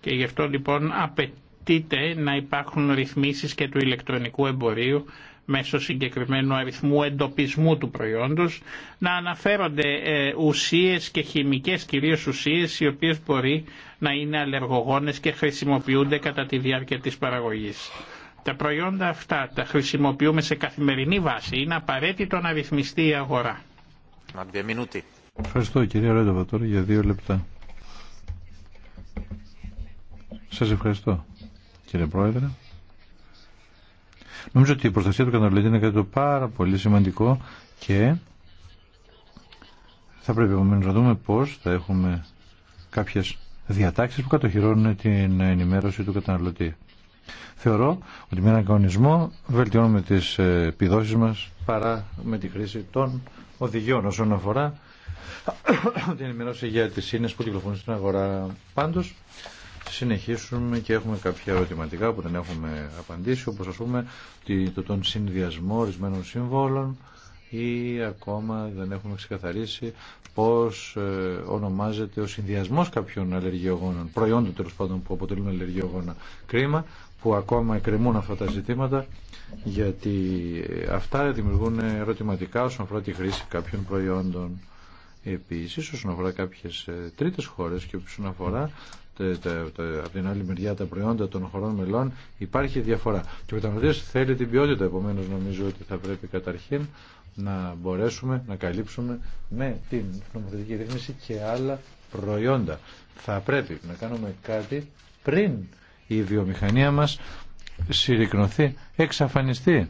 Και γι' αυτό λοιπόν απαιτεί τίτε να υπάρχουν ρυθμίσεις και του ηλεκτρονικού εμπορίου μέσω συγκεκριμένου αριθμού εντοπισμού του προϊόντος, να αναφέρονται ε, ουσίες και χημικές κυρίως ουσίες οι οποίες μπορεί να είναι αλλεργογόνες και χρησιμοποιούνται κατά τη διάρκεια της παραγωγής. Τα προϊόντα αυτά τα χρησιμοποιούμε σε καθημερινή βάση. Είναι απαραίτητο να ρυθμιστεί η αγορά. Ευχαριστώ κυρία τώρα για δύο λεπτά. Σας ευχαριστώ κύριε Πρόεδρε. Νομίζω ότι η προστασία του καταναλωτή είναι κάτι το πάρα πολύ σημαντικό και θα πρέπει επομένω να δούμε πώς θα έχουμε κάποιες διατάξεις που κατοχυρώνουν την ενημέρωση του καταναλωτή. Θεωρώ ότι με έναν κανονισμό βελτιώνουμε τις επιδόσεις μας παρά με τη χρήση των οδηγιών όσον αφορά την ενημέρωση για τις σύνες που κυκλοφορούν στην αγορά. Πάντως, συνεχίσουμε και έχουμε κάποια ερωτηματικά που δεν έχουμε απαντήσει, όπως ας πούμε το, τον συνδυασμό ορισμένων συμβόλων ή ακόμα δεν έχουμε ξεκαθαρίσει πώς ε, ονομάζεται ο συνδυασμός κάποιων αλλεργιογόνων, προϊόντων τέλο πάντων που αποτελούν αλλεργιογόνα κρίμα, που ακόμα εκκρεμούν αυτά τα ζητήματα, γιατί αυτά δημιουργούν ερωτηματικά όσον αφορά τη χρήση κάποιων προϊόντων. Επίσης, όσον αφορά κάποιε τρίτε χώρε και όσον αφορά από την άλλη μεριά τα προϊόντα των χωρών μελών υπάρχει διαφορά. Και ο καταναλωτή θέλει την ποιότητα, επομένω νομίζω ότι θα πρέπει καταρχήν να μπορέσουμε να καλύψουμε με την νομοθετική ρύθμιση και άλλα προϊόντα. Θα πρέπει να κάνουμε κάτι πριν η βιομηχανία μας συρρυκνωθεί, εξαφανιστεί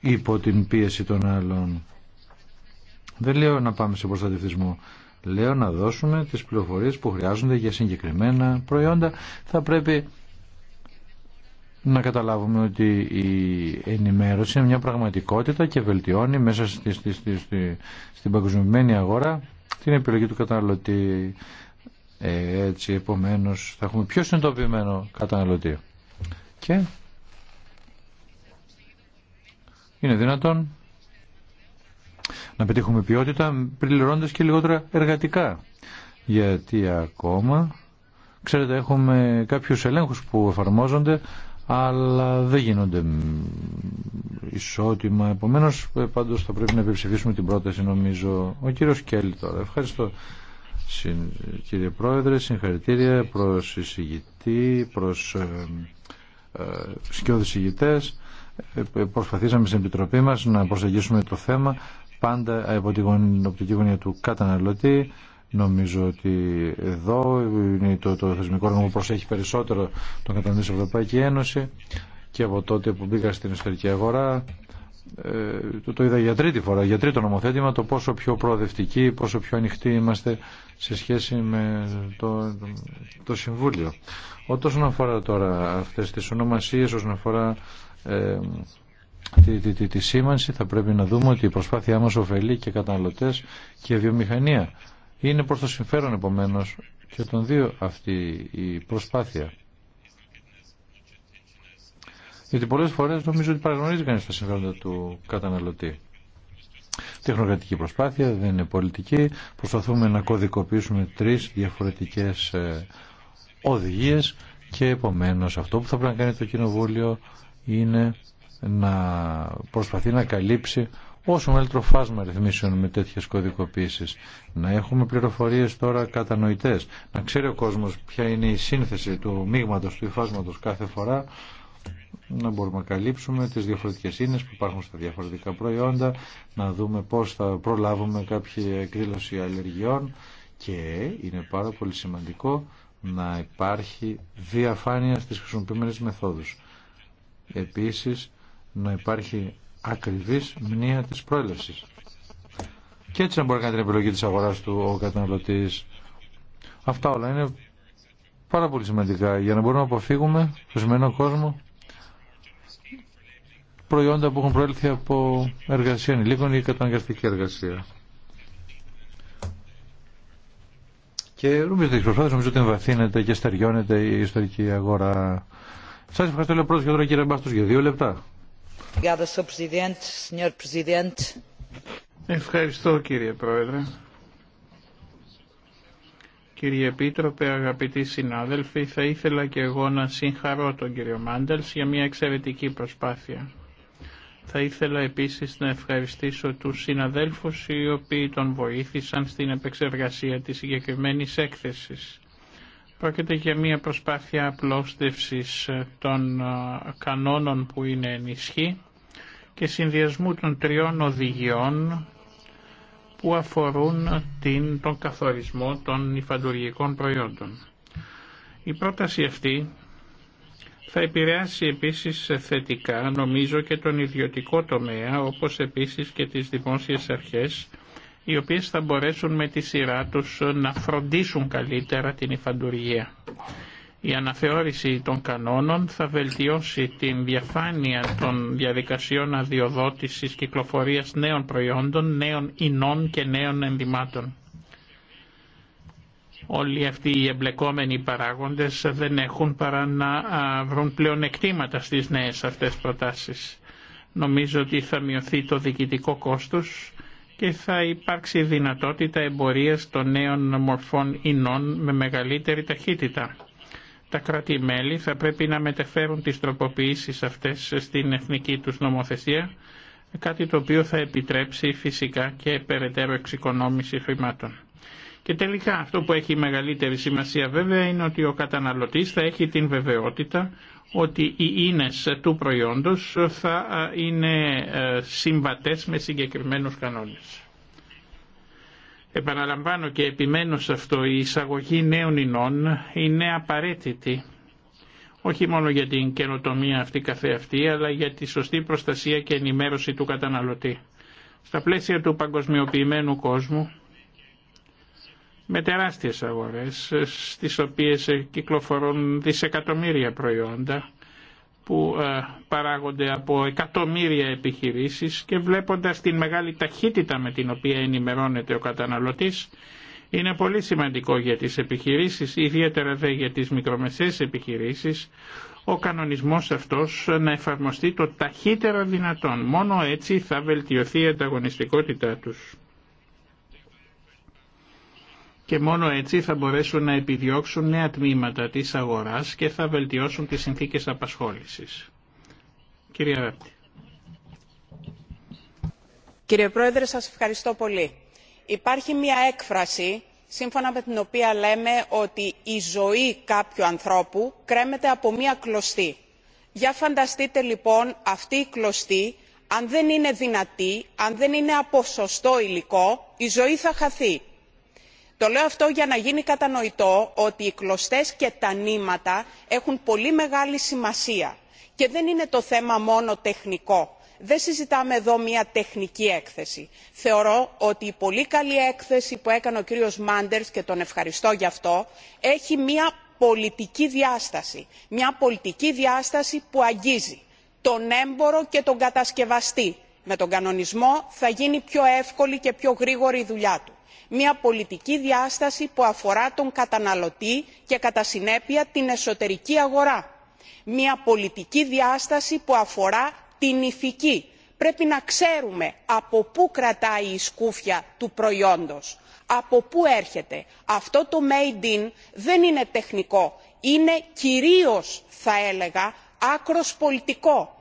υπό την πίεση των άλλων. Δεν λέω να πάμε σε προστατευτισμό λέω να δώσουμε τις πληροφορίες που χρειάζονται για συγκεκριμένα προϊόντα θα πρέπει να καταλάβουμε ότι η ενημέρωση είναι μια πραγματικότητα και βελτιώνει μέσα στη, στην παγκοσμιωμένη αγορά την επιλογή του καταναλωτή. Ε, έτσι, επομένως, θα έχουμε πιο συνειδητοποιημένο καταναλωτή. Και είναι δυνατόν να πετύχουμε ποιότητα πληρώνοντας και λιγότερα εργατικά. Γιατί ακόμα, ξέρετε, έχουμε κάποιους ελέγχους που εφαρμόζονται, αλλά δεν γίνονται ισότιμα. Επομένως, πάντως θα πρέπει να επιψηφίσουμε την πρόταση, νομίζω. Ο κύριος Κέλλη τώρα. Ευχαριστώ. Κύριε Πρόεδρε, συγχαρητήρια προς εισηγητή, προς ε, ε, σκιώδης ε, ε, Προσπαθήσαμε στην Επιτροπή μας να προσεγγίσουμε το θέμα πάντα από την οπτική γωνία του καταναλωτή. Νομίζω ότι εδώ είναι το, θεσμικό όργανο προσέχει περισσότερο τον καταναλωτή της Ευρωπαϊκή Ένωση και από τότε που μπήκα στην ιστορική αγορά ε, το, το είδα για τρίτη φορά, για τρίτο νομοθέτημα, το πόσο πιο προοδευτικοί, πόσο πιο ανοιχτοί είμαστε σε σχέση με το, το Συμβούλιο. Ό, όσον αφορά τώρα αυτές τις ονομασίες, όσον αφορά ε, τη, τη, τη, τη σήμανση θα πρέπει να δούμε ότι η προσπάθειά μας ωφελεί και καταναλωτές και βιομηχανία. Είναι προς το συμφέρον επομένως και των δύο αυτή η προσπάθεια. Γιατί πολλές φορές νομίζω ότι παραγνωρίζει κανείς τα συμφέροντα του καταναλωτή. Τεχνοκρατική προσπάθεια, δεν είναι πολιτική. Προσπαθούμε να κωδικοποιήσουμε τρεις διαφορετικές ε, οδηγίες και επομένως αυτό που θα πρέπει να κάνει το Κοινοβούλιο είναι να προσπαθεί να καλύψει όσο μεγαλύτερο φάσμα ρυθμίσεων με τέτοιες κωδικοποίησεις. Να έχουμε πληροφορίες τώρα κατανοητές. Να ξέρει ο κόσμος ποια είναι η σύνθεση του μείγματος, του υφάσματος κάθε φορά να μπορούμε να καλύψουμε τις διαφορετικές ίνες που υπάρχουν στα διαφορετικά προϊόντα, να δούμε πώς θα προλάβουμε κάποια εκδήλωση αλλεργιών και είναι πάρα πολύ σημαντικό να υπάρχει διαφάνεια στις χρησιμοποιημένες μεθόδους. Επίσης, να υπάρχει ακριβή μνήμα τη πρόλευσης. Και έτσι να μπορεί να κάνει την επιλογή τη αγορά του ο καταναλωτής. Αυτά όλα είναι πάρα πολύ σημαντικά για να μπορούμε να αποφύγουμε στο σημερινό κόσμο προϊόντα που έχουν προέλθει από εργασία ανηλίκων ή καταναγκαστική εργασία. Και νομίζω ότι προσπάθειε νομίζω ότι εμβαθύνεται και στεριώνεται η ιστορική αγορά. Σα ευχαριστώ πολύ πρώτα και τώρα κύριε Μπάστο για δύο λεπτά. Ευχαριστώ κύριε Πρόεδρε. Κύριε Επίτροπε, αγαπητοί συνάδελφοι, θα ήθελα και εγώ να συγχαρώ τον κύριο Μάντελς για μια εξαιρετική προσπάθεια. Θα ήθελα επίσης να ευχαριστήσω τους συναδέλφους οι οποίοι τον βοήθησαν στην επεξεργασία της συγκεκριμένης έκθεσης. Πρόκειται για μια προσπάθεια απλώστευσης ε, των ε, κανόνων που είναι ενισχύ και συνδυασμού των τριών οδηγιών που αφορούν την, τον καθορισμό των υφαντουργικών προϊόντων. Η πρόταση αυτή θα επηρεάσει επίσης θετικά νομίζω και τον ιδιωτικό τομέα όπως επίσης και τις δημόσιες αρχές οι οποίες θα μπορέσουν με τη σειρά τους να φροντίσουν καλύτερα την υφαντουργία. Η αναθεώρηση των κανόνων θα βελτιώσει την διαφάνεια των διαδικασιών αδειοδότησης κυκλοφορίας νέων προϊόντων, νέων ινών και νέων ενδυμάτων. Όλοι αυτοί οι εμπλεκόμενοι παράγοντες δεν έχουν παρά να βρουν πλεονεκτήματα στις νέες αυτές προτάσεις. Νομίζω ότι θα μειωθεί το διοικητικό κόστος και θα υπάρξει δυνατότητα εμπορίας των νέων μορφών ινών με μεγαλύτερη ταχύτητα. Τα κράτη-μέλη θα πρέπει να μεταφέρουν τις τροποποιήσεις αυτές στην εθνική τους νομοθεσία, κάτι το οποίο θα επιτρέψει φυσικά και περαιτέρω εξοικονόμηση χρημάτων. Και τελικά αυτό που έχει μεγαλύτερη σημασία βέβαια είναι ότι ο καταναλωτής θα έχει την βεβαιότητα ότι οι ίνες του προϊόντος θα ε, είναι ε, συμβατές με συγκεκριμένους κανόνες. Επαναλαμβάνω και επιμένω σε αυτό, η εισαγωγή νέων ινών είναι απαραίτητη όχι μόνο για την καινοτομία αυτή καθεαυτή, αλλά για τη σωστή προστασία και ενημέρωση του καταναλωτή. Στα πλαίσια του παγκοσμιοποιημένου κόσμου, με τεράστιες αγορές στις οποίες κυκλοφορούν δισεκατομμύρια προϊόντα που ε, παράγονται από εκατομμύρια επιχειρήσεις και βλέποντας την μεγάλη ταχύτητα με την οποία ενημερώνεται ο καταναλωτής είναι πολύ σημαντικό για τις επιχειρήσεις, ιδιαίτερα δε για τις μικρομεσαίες επιχειρήσεις, ο κανονισμός αυτός να εφαρμοστεί το ταχύτερο δυνατόν. Μόνο έτσι θα βελτιωθεί η ανταγωνιστικότητά τους και μόνο έτσι θα μπορέσουν να επιδιώξουν νέα τμήματα της αγοράς και θα βελτιώσουν τις συνθήκες απασχόλησης. Κυρία Ράπτη. Κύριε Πρόεδρε, σας ευχαριστώ πολύ. Υπάρχει μια έκφραση σύμφωνα με την οποία λέμε ότι η ζωή κάποιου ανθρώπου κρέμεται από μια κλωστή. Για φανταστείτε λοιπόν αυτή η κλωστή αν δεν είναι δυνατή, αν δεν είναι από σωστό υλικό, η ζωή θα χαθεί το λέω αυτό για να γίνει κατανοητό ότι οι κλωστές και τα νήματα έχουν πολύ μεγάλη σημασία και δεν είναι το θέμα μόνο τεχνικό. δεν συζητάμε εδώ μια τεχνική έκθεση. θεωρώ ότι η πολύ καλή έκθεση που έκανε ο κύριος manders και τον ευχαριστώ γι' αυτό έχει μια πολιτική διάσταση μια πολιτική διάσταση που αγγίζει τον έμπορο και τον κατασκευαστή. με τον κανονισμό θα γίνει πιο εύκολη και πιο γρήγορη η δουλειά του μια πολιτική διάσταση που αφορά τον καταναλωτή και κατά συνέπεια την εσωτερική αγορά μια πολιτική διάσταση που αφορά την ηθική πρέπει να ξέρουμε από πού κρατάει η σκούφια του προϊόντος από πού έρχεται. αυτό το made in δεν είναι τεχνικό είναι κυρίως θα έλεγα άκρος πολιτικό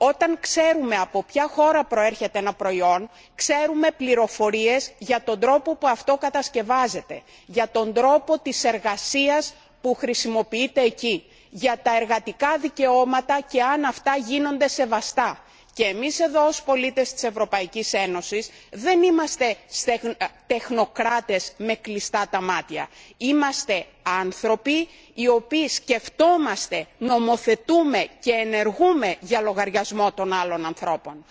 όταν ξέρουμε από ποια χώρα προέρχεται ένα προϊόν ξέρουμε πληροφορίες για τον τρόπο που αυτό κατασκευάζεται για τον τρόπο της εργασίας που χρησιμοποιείται εκεί για τα εργατικά δικαιώματα και αν αυτά γίνονται σεβαστά και εμείς εδώ ως πολίτες της ευρωπαϊκής ένωσης δεν είμαστε ε, τεχνοκράτες με κλειστά τα μάτια. είμαστε άνθρωποι οι οποίοι σκεφτόμαστε νομοθετούμε και ενεργούμε για λογαριασμό των άλλων ανθρώπων.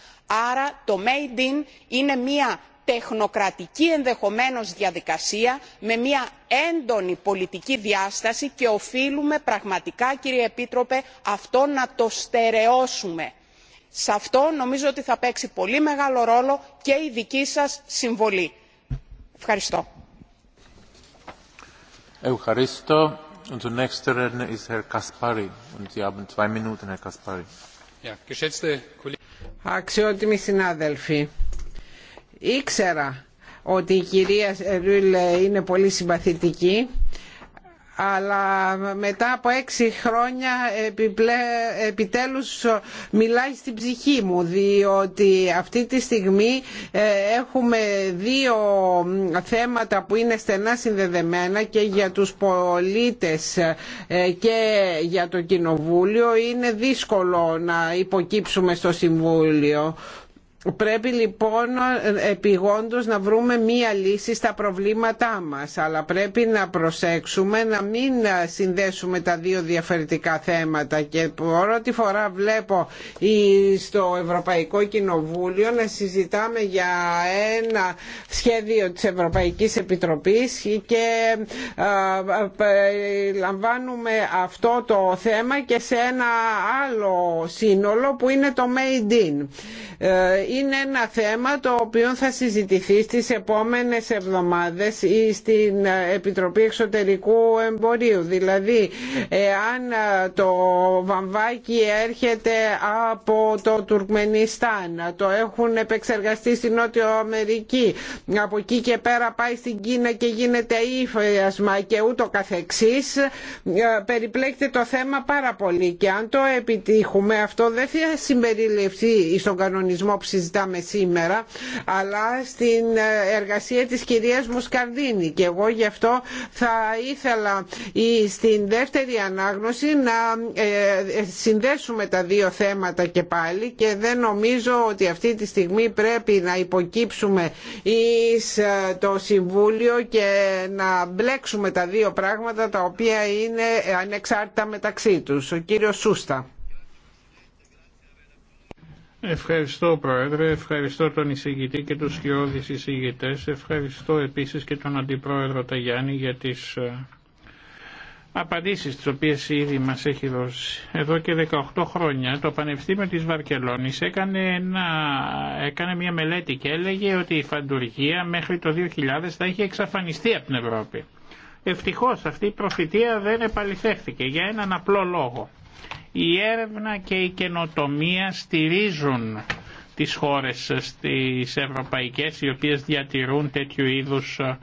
άρα το made in είναι μια τεχνοκρατική ενδεχομένως διαδικασία με μια έντονη πολιτική διάσταση και οφείλουμε πραγματικά κύριε επίτροπε αυτό να το στερεώσουμε σε αυτό νομίζω ότι θα παίξει πολύ μεγάλο ρόλο και η δική σας συμβολή. ευχαριστώ. Ευχαριστώ. Αξιότιμοι συνάδελφοι, ήξερα ότι η κυρία Ρούλε είναι πολύ συμπαθητική αλλά μετά από έξι χρόνια επιπλέ, επιτέλους μιλάει στην ψυχή μου διότι αυτή τη στιγμή ε, έχουμε δύο θέματα που είναι στενά συνδεδεμένα και για τους πολίτες ε, και για το Κοινοβούλιο είναι δύσκολο να υποκύψουμε στο Συμβούλιο Πρέπει λοιπόν ε, επιγόντως να βρούμε μία λύση στα προβλήματά μας αλλά πρέπει να προσέξουμε να μην συνδέσουμε τα δύο διαφορετικά θέματα και πρώτη φορά βλέπω στο Ευρωπαϊκό Κοινοβούλιο να συζητάμε για ένα σχέδιο της Ευρωπαϊκής Επιτροπής και ε, ε, λαμβάνουμε αυτό το θέμα και σε ένα άλλο σύνολο που είναι το Made in είναι ένα θέμα το οποίο θα συζητηθεί στις επόμενες εβδομάδες ή στην ε, Επιτροπή Εξωτερικού Εμπορίου. Δηλαδή, ε, αν ε, το βαμβάκι έρχεται από το Τουρκμενιστάν, το έχουν επεξεργαστεί στην Νότια Αμερική, από εκεί και πέρα πάει στην Κίνα και γίνεται ύφασμα και ούτω καθεξής, περιπλέκεται το θέμα πάρα πολύ και αν το επιτύχουμε αυτό δεν θα συμπεριληφθεί στον κανονισμό συζητάμε σήμερα αλλά στην εργασία της κυρίας Μουσκαρδίνη και εγώ γι' αυτό θα ήθελα στην δεύτερη ανάγνωση να ε, συνδέσουμε τα δύο θέματα και πάλι και δεν νομίζω ότι αυτή τη στιγμή πρέπει να υποκύψουμε εις ε, το Συμβούλιο και να μπλέξουμε τα δύο πράγματα τα οποία είναι ανεξάρτητα μεταξύ τους. Ο κύριος Σούστα. Ευχαριστώ Πρόεδρε, ευχαριστώ τον εισηγητή και τους χειώδεις εισηγητές, ευχαριστώ επίσης και τον Αντιπρόεδρο Ταγιάννη για τις ε, απαντήσεις τις οποίες ήδη μας έχει δώσει. Εδώ και 18 χρόνια το Πανεπιστήμιο της Βαρκελόνης έκανε, ένα, έκανε μια μελέτη και έλεγε ότι η φαντουργία μέχρι το 2000 θα είχε εξαφανιστεί από την Ευρώπη. Ευτυχώς αυτή η προφητεία δεν επαληθεύτηκε για έναν απλό λόγο η έρευνα και η καινοτομία στηρίζουν τις χώρες στις ευρωπαϊκές οι οποίες διατηρούν τέτοιου είδους ε,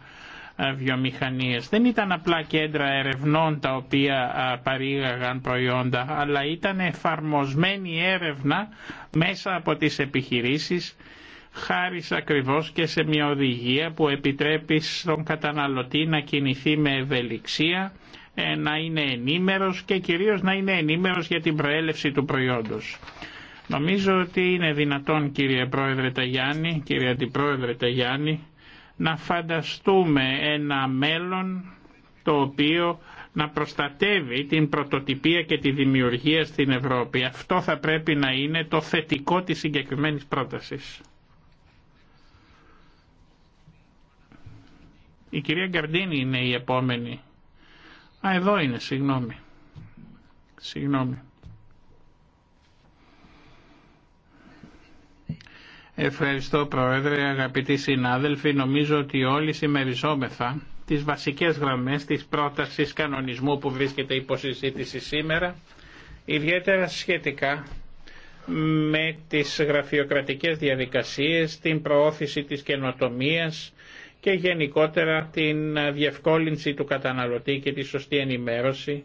ε, βιομηχανίες. Δεν ήταν απλά κέντρα ερευνών τα οποία ε, παρήγαγαν προϊόντα, αλλά ήταν εφαρμοσμένη έρευνα μέσα από τις επιχειρήσεις, χάρη ακριβώς και σε μια οδηγία που επιτρέπει στον καταναλωτή να κινηθεί με ευελιξία, ε, να είναι ενήμερος και κυρίως να είναι ενήμερος για την προέλευση του προϊόντος. Νομίζω ότι είναι δυνατόν κύριε Πρόεδρε Ταγιάννη, κύριε Αντιπρόεδρε Ταγιάννη, να φανταστούμε ένα μέλλον το οποίο να προστατεύει την πρωτοτυπία και τη δημιουργία στην Ευρώπη. Αυτό θα πρέπει να είναι το θετικό της συγκεκριμένη πρότασης. Η κυρία Γκαρντίνη είναι η επόμενη. Α, εδώ είναι, συγγνώμη. Συγγνώμη. Ευχαριστώ Πρόεδρε, αγαπητοί συνάδελφοι. Νομίζω ότι όλοι συμμεριζόμεθα τις βασικές γραμμές της πρότασης κανονισμού που βρίσκεται υπό συζήτηση σήμερα, ιδιαίτερα σχετικά με τις γραφειοκρατικές διαδικασίες, την προώθηση της καινοτομίας, και γενικότερα την διευκόλυνση του καταναλωτή και τη σωστή ενημέρωση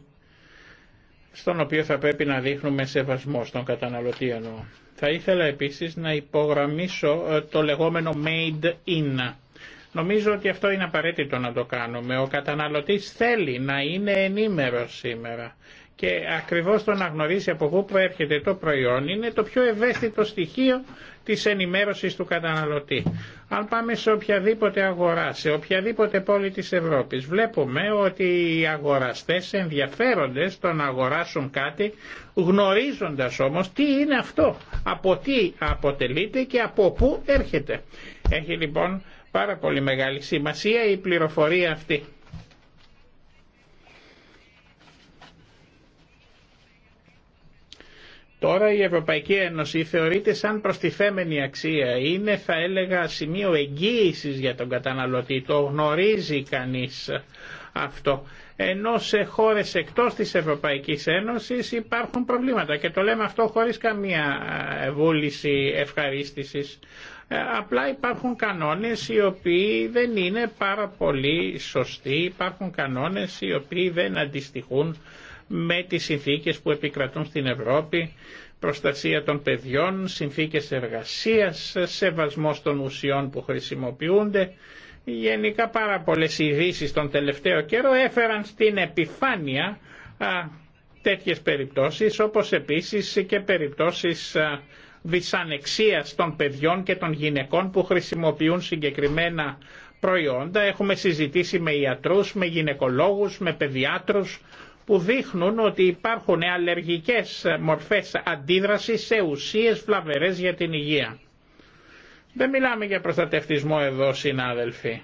στον οποίο θα πρέπει να δείχνουμε σεβασμό στον καταναλωτή εννοώ. Θα ήθελα επίσης να υπογραμμίσω ε, το λεγόμενο made in. Νομίζω ότι αυτό είναι απαραίτητο να το κάνουμε. Ο καταναλωτής θέλει να είναι ενήμερος σήμερα και ακριβώς το να γνωρίσει από πού προέρχεται το προϊόν είναι το πιο ευαίσθητο στοιχείο της ενημέρωσης του καταναλωτή. Αν πάμε σε οποιαδήποτε αγορά, σε οποιαδήποτε πόλη της Ευρώπης, βλέπουμε ότι οι αγοραστές ενδιαφέρονται στο να αγοράσουν κάτι, γνωρίζοντας όμως τι είναι αυτό, από τι αποτελείται και από πού έρχεται. Έχει λοιπόν πάρα πολύ μεγάλη σημασία η πληροφορία αυτή. Τώρα η Ευρωπαϊκή Ένωση θεωρείται σαν προστιθέμενη αξία. Είναι θα έλεγα σημείο εγγύησης για τον καταναλωτή. Το γνωρίζει κανείς αυτό. Ενώ σε χώρες εκτός της Ευρωπαϊκής Ένωσης υπάρχουν προβλήματα και το λέμε αυτό χωρίς καμία ε, βούληση ευχαρίστησης. Ε, απλά υπάρχουν κανόνες οι οποίοι δεν είναι πάρα πολύ σωστοί, υπάρχουν κανόνες οι οποίοι δεν αντιστοιχούν με τις συνθήκες που επικρατούν στην Ευρώπη, προστασία των παιδιών, συνθήκες εργασίας, σεβασμός των ουσιών που χρησιμοποιούνται. Γενικά πάρα πολλές ειδήσει τον τελευταίο καιρό έφεραν στην επιφάνεια τέτοιες περιπτώσεις, όπως επίσης και περιπτώσεις δυσανεξίας των παιδιών και των γυναικών που χρησιμοποιούν συγκεκριμένα προϊόντα. Έχουμε συζητήσει με ιατρούς, με γυναικολόγους, με παιδιάτρους που δείχνουν ότι υπάρχουν αλλεργικές μορφές αντίδρασης σε ουσίες φλαβερές για την υγεία. Δεν μιλάμε για προστατευτισμό εδώ συνάδελφοι.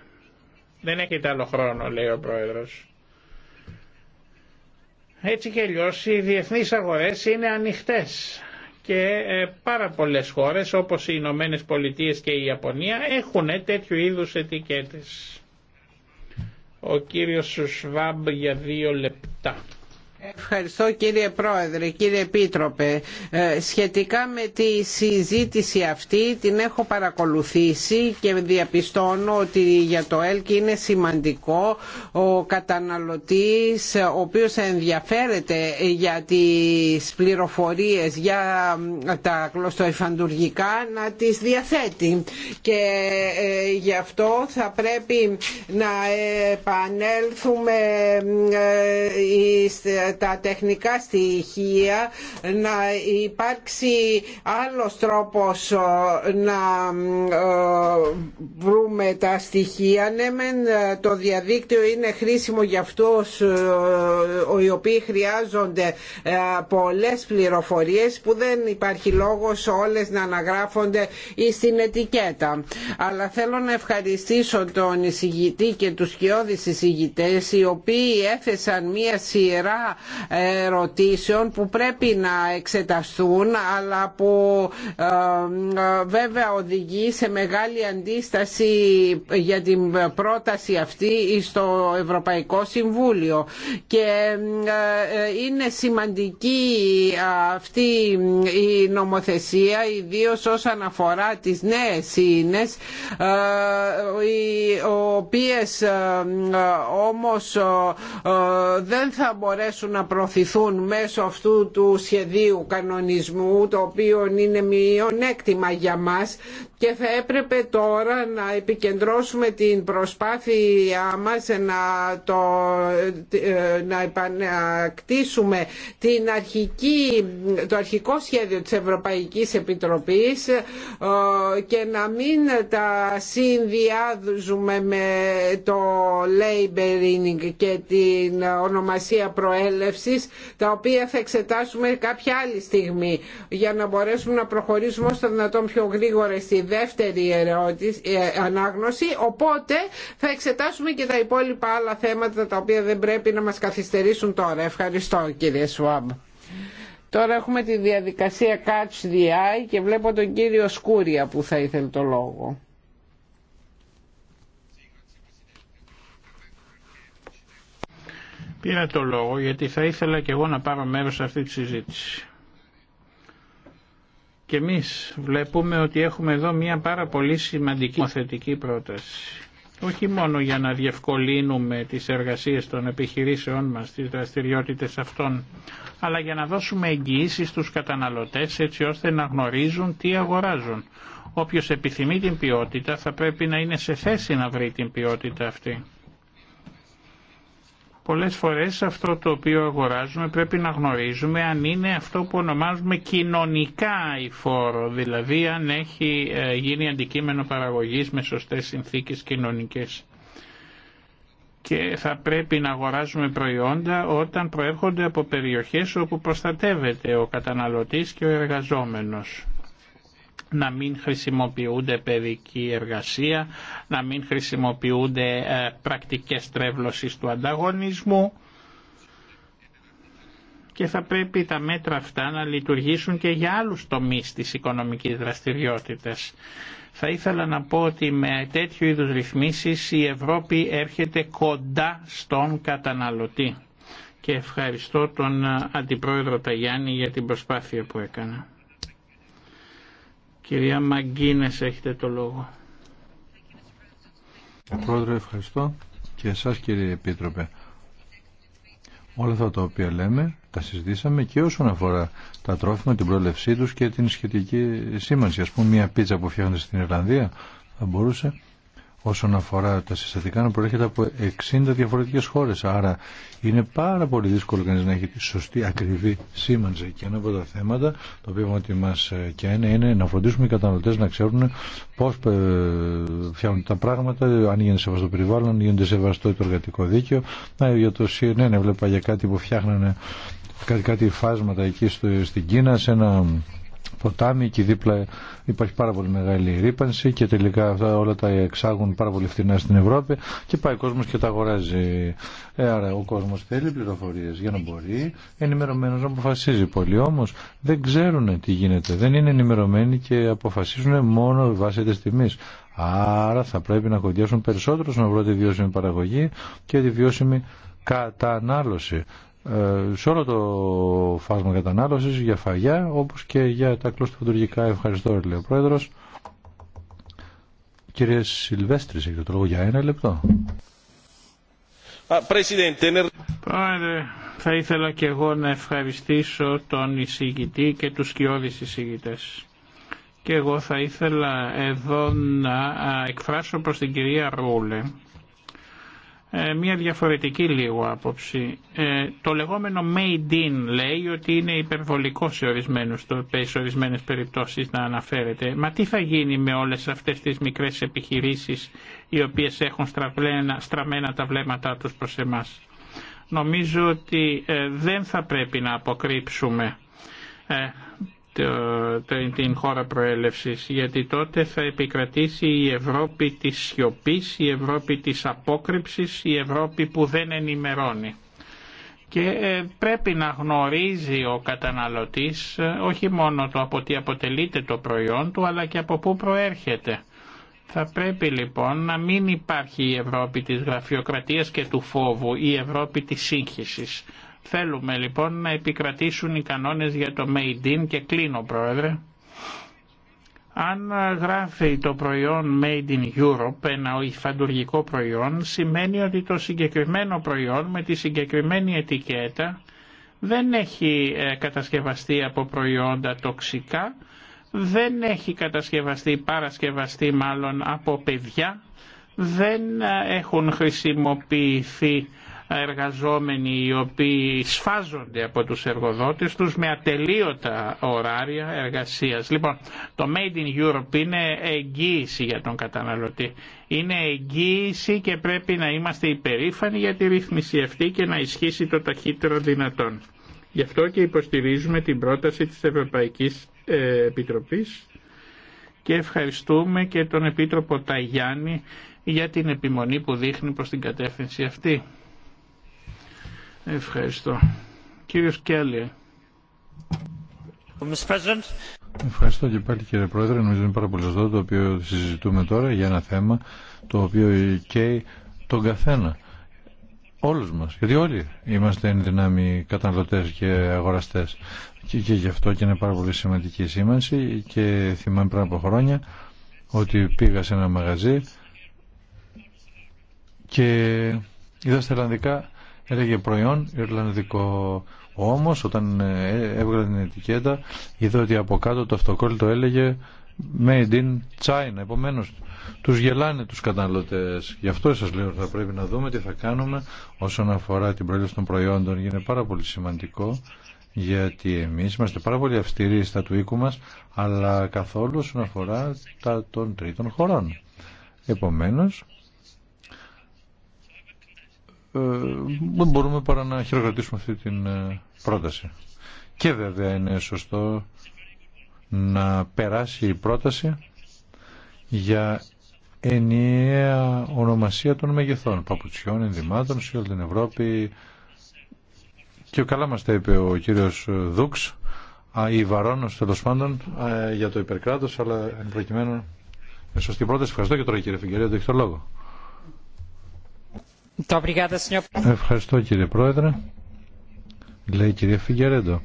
Δεν έχετε άλλο χρόνο λέει ο Πρόεδρος. Έτσι και αλλιώ οι διεθνείς αγορές είναι ανοιχτές και ε, πάρα πολλές χώρες όπως οι Ηνωμένε Πολιτείες και η Ιαπωνία έχουν τέτοιου είδους ετικέτες. Ο κύριος Σουσβάμπ για δύο λεπτά. Ευχαριστώ κύριε Πρόεδρε, κύριε Επίτροπε. Ε, σχετικά με τη συζήτηση αυτή την έχω παρακολουθήσει και διαπιστώνω ότι για το ΕΛΚ είναι σημαντικό ο καταναλωτής ο οποίος ενδιαφέρεται για τις πληροφορίες για τα κλωστοεφαντουργικά να τις διαθέτει και ε, γι' αυτό θα πρέπει να επανέλθουμε ε, τα τεχνικά στοιχεία, να υπάρξει άλλος τρόπος ε, να ε, βρούμε τα στοιχεία. Ναι, ε, το διαδίκτυο είναι χρήσιμο για αυτούς οι οποίοι χρειάζονται πολλές πληροφορίες που δεν υπάρχει λόγος όλες να αναγράφονται ή στην ετικέτα. Αλλά θέλω να ευχαριστήσω τον εισηγητή και τους κοιόδης εισηγητές οι οποίοι έθεσαν μία σειρά ερωτήσεων που πρέπει να εξεταστούν αλλά που ε, ε, βέβαια οδηγεί σε μεγάλη αντίσταση για την πρόταση αυτή στο Ευρωπαϊκό Συμβούλιο και ε, είναι σημαντική αυτή η νομοθεσία ιδίως όσον αφορά τις νέες σύνες οι οποίες όμως δεν θα μπορέσουν να προωθηθούν μέσω αυτού του σχεδίου κανονισμού το οποίο είναι μειονέκτημα για μας και θα έπρεπε τώρα να επικεντρώσουμε την προσπάθειά μας να, το, να επανακτήσουμε την αρχική, το αρχικό σχέδιο της Ευρωπαϊκής Επιτροπής ε, και να μην τα συνδυάζουμε με το labeling και την ονομασία προέλευσης τα οποία θα εξετάσουμε κάποια άλλη στιγμή για να μπορέσουμε να προχωρήσουμε όσο δυνατόν πιο γρήγορα στη δεύτερη ερώτηση, ε, ανάγνωση οπότε θα εξετάσουμε και τα υπόλοιπα άλλα θέματα τα οποία δεν πρέπει να μας καθυστερήσουν τώρα. Ευχαριστώ κύριε Σουάμπ. Τώρα έχουμε τη διαδικασία Catch the Eye και βλέπω τον κύριο Σκούρια που θα ήθελε το λόγο. Πήρα το λόγο γιατί θα ήθελα και εγώ να πάρω μέρος σε αυτή τη συζήτηση. Και εμείς βλέπουμε ότι έχουμε εδώ μια πάρα πολύ σημαντική νομοθετική πρόταση. Όχι μόνο για να διευκολύνουμε τις εργασίες των επιχειρήσεών μας, τις δραστηριότητες αυτών, αλλά για να δώσουμε εγγυήσεις στους καταναλωτές έτσι ώστε να γνωρίζουν τι αγοράζουν. Όποιος επιθυμεί την ποιότητα θα πρέπει να είναι σε θέση να βρει την ποιότητα αυτή. Πολλές φορές αυτό το οποίο αγοράζουμε πρέπει να γνωρίζουμε αν είναι αυτό που ονομάζουμε κοινωνικά φόρο, δηλαδή αν έχει ε, γίνει αντικείμενο παραγωγής με σωστές συνθήκες κοινωνικές. Και θα πρέπει να αγοράζουμε προϊόντα όταν προέρχονται από περιοχές όπου προστατεύεται ο καταναλωτής και ο εργαζόμενος να μην χρησιμοποιούνται παιδική εργασία, να μην χρησιμοποιούνται ε, πρακτικές τρέβλωσης του ανταγωνισμού και θα πρέπει τα μέτρα αυτά να λειτουργήσουν και για άλλους τομείς της οικονομικής δραστηριότητας. Θα ήθελα να πω ότι με τέτοιου είδους ρυθμίσεις η Ευρώπη έρχεται κοντά στον καταναλωτή. Και ευχαριστώ τον ε, Αντιπρόεδρο Ταγιάννη για την προσπάθεια που έκανα. Κυρία Μαγκίνες έχετε το λόγο. Πρόεδρε ευχαριστώ και εσάς κύριε Επίτροπε. Όλα αυτά τα οποία λέμε τα συζητήσαμε και όσον αφορά τα τρόφιμα, την πρόλευσή τους και την σχετική σήμανση. Ας πούμε μια πίτσα που φτιάχνεται στην Ιρλανδία θα μπορούσε όσον αφορά τα συστατικά να προέρχεται από 60 διαφορετικές χώρες. Άρα είναι πάρα πολύ δύσκολο κανείς να έχει τη σωστή ακριβή σήμανση. Και ένα από τα θέματα το οποίο ότι μας και είναι, είναι να φροντίσουμε οι καταναλωτές να ξέρουν πώς ε, φτιάχνουν τα πράγματα, αν γίνεται σεβαστό περιβάλλον, αν γίνεται σεβαστό το εργατικό δίκαιο. Να, για το CNN έβλεπα ναι, ναι, για κάτι που φτιάχνανε κάτι, κάτι φάσματα εκεί στο, στην Κίνα σε ένα ποτάμι και δίπλα υπάρχει πάρα πολύ μεγάλη ρήπανση και τελικά αυτά όλα τα εξάγουν πάρα πολύ φθηνά στην Ευρώπη και πάει ο κόσμος και τα αγοράζει. Ε, άρα ο κόσμος θέλει πληροφορίες για να μπορεί ενημερωμένος να αποφασίζει. Πολλοί όμως δεν ξέρουν τι γίνεται, δεν είναι ενημερωμένοι και αποφασίζουν μόνο βάσει τη τιμή. Άρα θα πρέπει να κοντιάσουν περισσότερο να ευρώ τη βιώσιμη παραγωγή και τη βιώσιμη κατανάλωση. Ε, σε όλο το φάσμα κατανάλωσης για φαγιά όπως και για τα κλωστοφοντουργικά. Ευχαριστώ, λέει ο Πρόεδρος. Κύριε Σιλβέστρη, έχετε το λόγο για ένα λεπτό. Πρόεδρε, θα ήθελα και εγώ να ευχαριστήσω τον εισηγητή και τους κοιόδης εισηγητές. Και εγώ θα ήθελα εδώ να εκφράσω προς την κυρία Ρούλε ε, μια διαφορετική λίγο άποψη. Ε, το λεγόμενο made in λέει ότι είναι υπερβολικό σε, ορισμένους, σε ορισμένες περιπτώσεις να αναφέρεται. Μα τι θα γίνει με όλες αυτές τις μικρές επιχειρήσεις οι οποίες έχουν στραμμένα, στραμμένα τα βλέμματά τους προς εμάς. Νομίζω ότι ε, δεν θα πρέπει να αποκρύψουμε την χώρα προέλευσης γιατί τότε θα επικρατήσει η Ευρώπη της σιωπή, η Ευρώπη της απόκρυψης, η Ευρώπη που δεν ενημερώνει. Και ε, πρέπει να γνωρίζει ο καταναλωτής ε, όχι μόνο το από τι αποτελείται το προϊόν του αλλά και από πού προέρχεται. Θα πρέπει λοιπόν να μην υπάρχει η Ευρώπη της γραφειοκρατίας και του φόβου, η Ευρώπη της σύγχυσης. Θέλουμε λοιπόν να επικρατήσουν οι κανόνες για το Made in και κλείνω πρόεδρε. Αν γράφει το προϊόν Made in Europe, ένα υφαντουργικό προϊόν, σημαίνει ότι το συγκεκριμένο προϊόν με τη συγκεκριμένη ετικέτα δεν έχει ε, κατασκευαστεί από προϊόντα τοξικά, δεν έχει κατασκευαστεί, παρασκευαστεί μάλλον από παιδιά, δεν ε, έχουν χρησιμοποιηθεί εργαζόμενοι οι οποίοι σφάζονται από τους εργοδότες τους με ατελείωτα ωράρια εργασίας. Λοιπόν, το Made in Europe είναι εγγύηση για τον καταναλωτή. Είναι εγγύηση και πρέπει να είμαστε υπερήφανοι για τη ρύθμιση αυτή και να ισχύσει το ταχύτερο δυνατόν. Γι' αυτό και υποστηρίζουμε την πρόταση της Ευρωπαϊκής ε, Επιτροπής και ευχαριστούμε και τον Επίτροπο Ταγιάννη για την επιμονή που δείχνει προς την κατεύθυνση αυτή. Ευχαριστώ. Κύριος Κέλλη. Ευχαριστώ και πάλι κύριε Πρόεδρε. Νομίζω είναι πάρα πολύ το οποίο συζητούμε τώρα για ένα θέμα το οποίο καίει τον καθένα. Όλους μας. Γιατί όλοι είμαστε εν δυνάμει καταναλωτές και αγοραστές. Και, και γι' αυτό και είναι πάρα πολύ σημαντική η σήμανση και θυμάμαι πριν από χρόνια ότι πήγα σε ένα μαγαζί και είδα στα Ελλανδικά έλεγε προϊόν Ιρλανδικό. Όμως όταν ε, έβγαλε την ετικέτα είδε ότι από κάτω το αυτοκόλλητο έλεγε Made in China. Επομένως τους γελάνε τους καταναλωτές. Γι' αυτό σας λέω ότι θα πρέπει να δούμε τι θα κάνουμε όσον αφορά την προέλευση των προϊόντων. Είναι πάρα πολύ σημαντικό γιατί εμείς είμαστε πάρα πολύ αυστηροί στα του οίκου μας αλλά καθόλου όσον αφορά τα των τρίτων χωρών. Επομένως ε, δεν μπορούμε παρά να χειροκρατήσουμε αυτή την ε, πρόταση. Και βέβαια είναι σωστό να περάσει η πρόταση για ενιαία ονομασία των μεγεθών, παπουτσιών, ενδυμάτων σε όλη την Ευρώπη. Και καλά μας τα είπε ο κύριος Δούξ, η Βαρόνος τέλος πάντων, για το υπερκράτος, αλλά εν προκειμένου σωστή πρόταση. Ευχαριστώ και τώρα κύριε Φιγκερία, το έχει το λόγο. Ευχαριστώ κύριε Πρόεδρε. Λέει η κυρία Φιγκερέντο.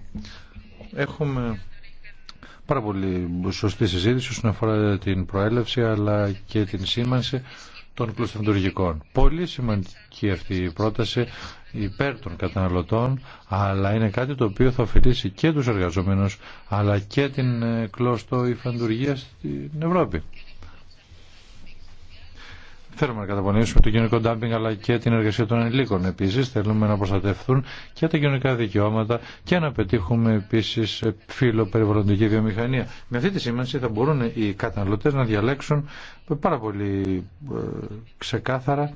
Έχουμε πάρα πολύ σωστή συζήτηση όσον αφορά την προέλευση αλλά και την σήμανση των κλωστοφαντουργικών. Πολύ σημαντική αυτή η πρόταση υπέρ των καταναλωτών, αλλά είναι κάτι το οποίο θα ωφελήσει και τους εργαζομένους, αλλά και την κλώστο στην Ευρώπη. Θέλουμε να καταπονήσουμε το κοινωνικό ντάμπινγκ αλλά και την εργασία των ενηλίκων. Επίση, θέλουμε να προστατευτούν και τα κοινωνικά δικαιώματα και να πετύχουμε επίση περιβαλλοντική βιομηχανία. Με αυτή τη σήμανση θα μπορούν οι καταναλωτέ να διαλέξουν πάρα πολύ ε, ξεκάθαρα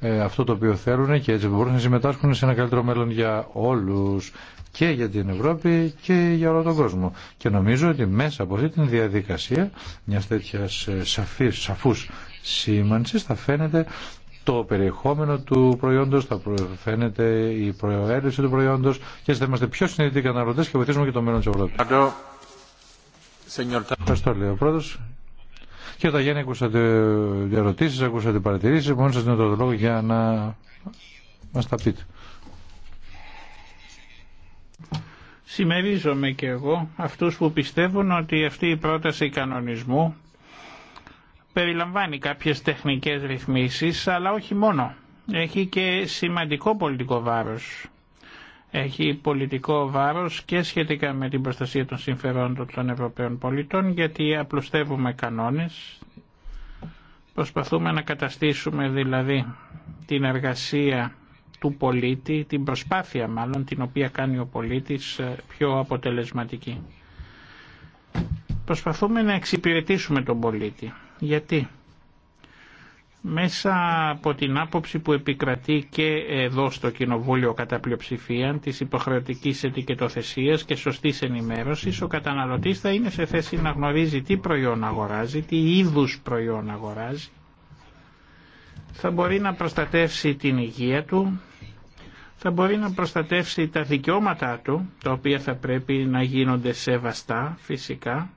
ε, αυτό το οποίο θέλουν και έτσι μπορούν να συμμετάσχουν σε ένα καλύτερο μέλλον για όλους και για την Ευρώπη και για όλο τον κόσμο. Και νομίζω ότι μέσα από αυτή τη διαδικασία μια τέτοια ε, σαφής, σαφούς σήμανση θα φαίνεται το περιεχόμενο του προϊόντος, θα φαίνεται η προέλευση του προϊόντος και θα είμαστε πιο συνειδητοί καταναλωτές και βοηθήσουμε και το μέλλον της Ευρώπης. Ευχαριστώ, λέει ο και όταν γίνει ακούσατε ερωτήσεις, ακούσατε παρατηρήσεις. Μόνο σας δίνω το λόγο για να μας τα πείτε. Συμμερίζομαι και εγώ αυτούς που πιστεύουν ότι αυτή η πρόταση κανονισμού περιλαμβάνει κάποιες τεχνικές ρυθμίσεις, αλλά όχι μόνο. Έχει και σημαντικό πολιτικό βάρος. Έχει πολιτικό βάρος και σχετικά με την προστασία των συμφερόντων των Ευρωπαίων πολιτών, γιατί απλουστεύουμε κανόνες, προσπαθούμε να καταστήσουμε δηλαδή την εργασία του πολίτη, την προσπάθεια μάλλον την οποία κάνει ο πολίτης ε, πιο αποτελεσματική. Προσπαθούμε να εξυπηρετήσουμε τον πολίτη. Γιατί μέσα από την άποψη που επικρατεί και εδώ στο Κοινοβούλιο κατά πλειοψηφία της υποχρεωτικής ετικετοθεσίας και σωστής ενημέρωσης, ο καταναλωτής θα είναι σε θέση να γνωρίζει τι προϊόν αγοράζει, τι είδους προϊόν αγοράζει, θα μπορεί να προστατεύσει την υγεία του, θα μπορεί να προστατεύσει τα δικαιώματά του, τα οποία θα πρέπει να γίνονται σεβαστά φυσικά,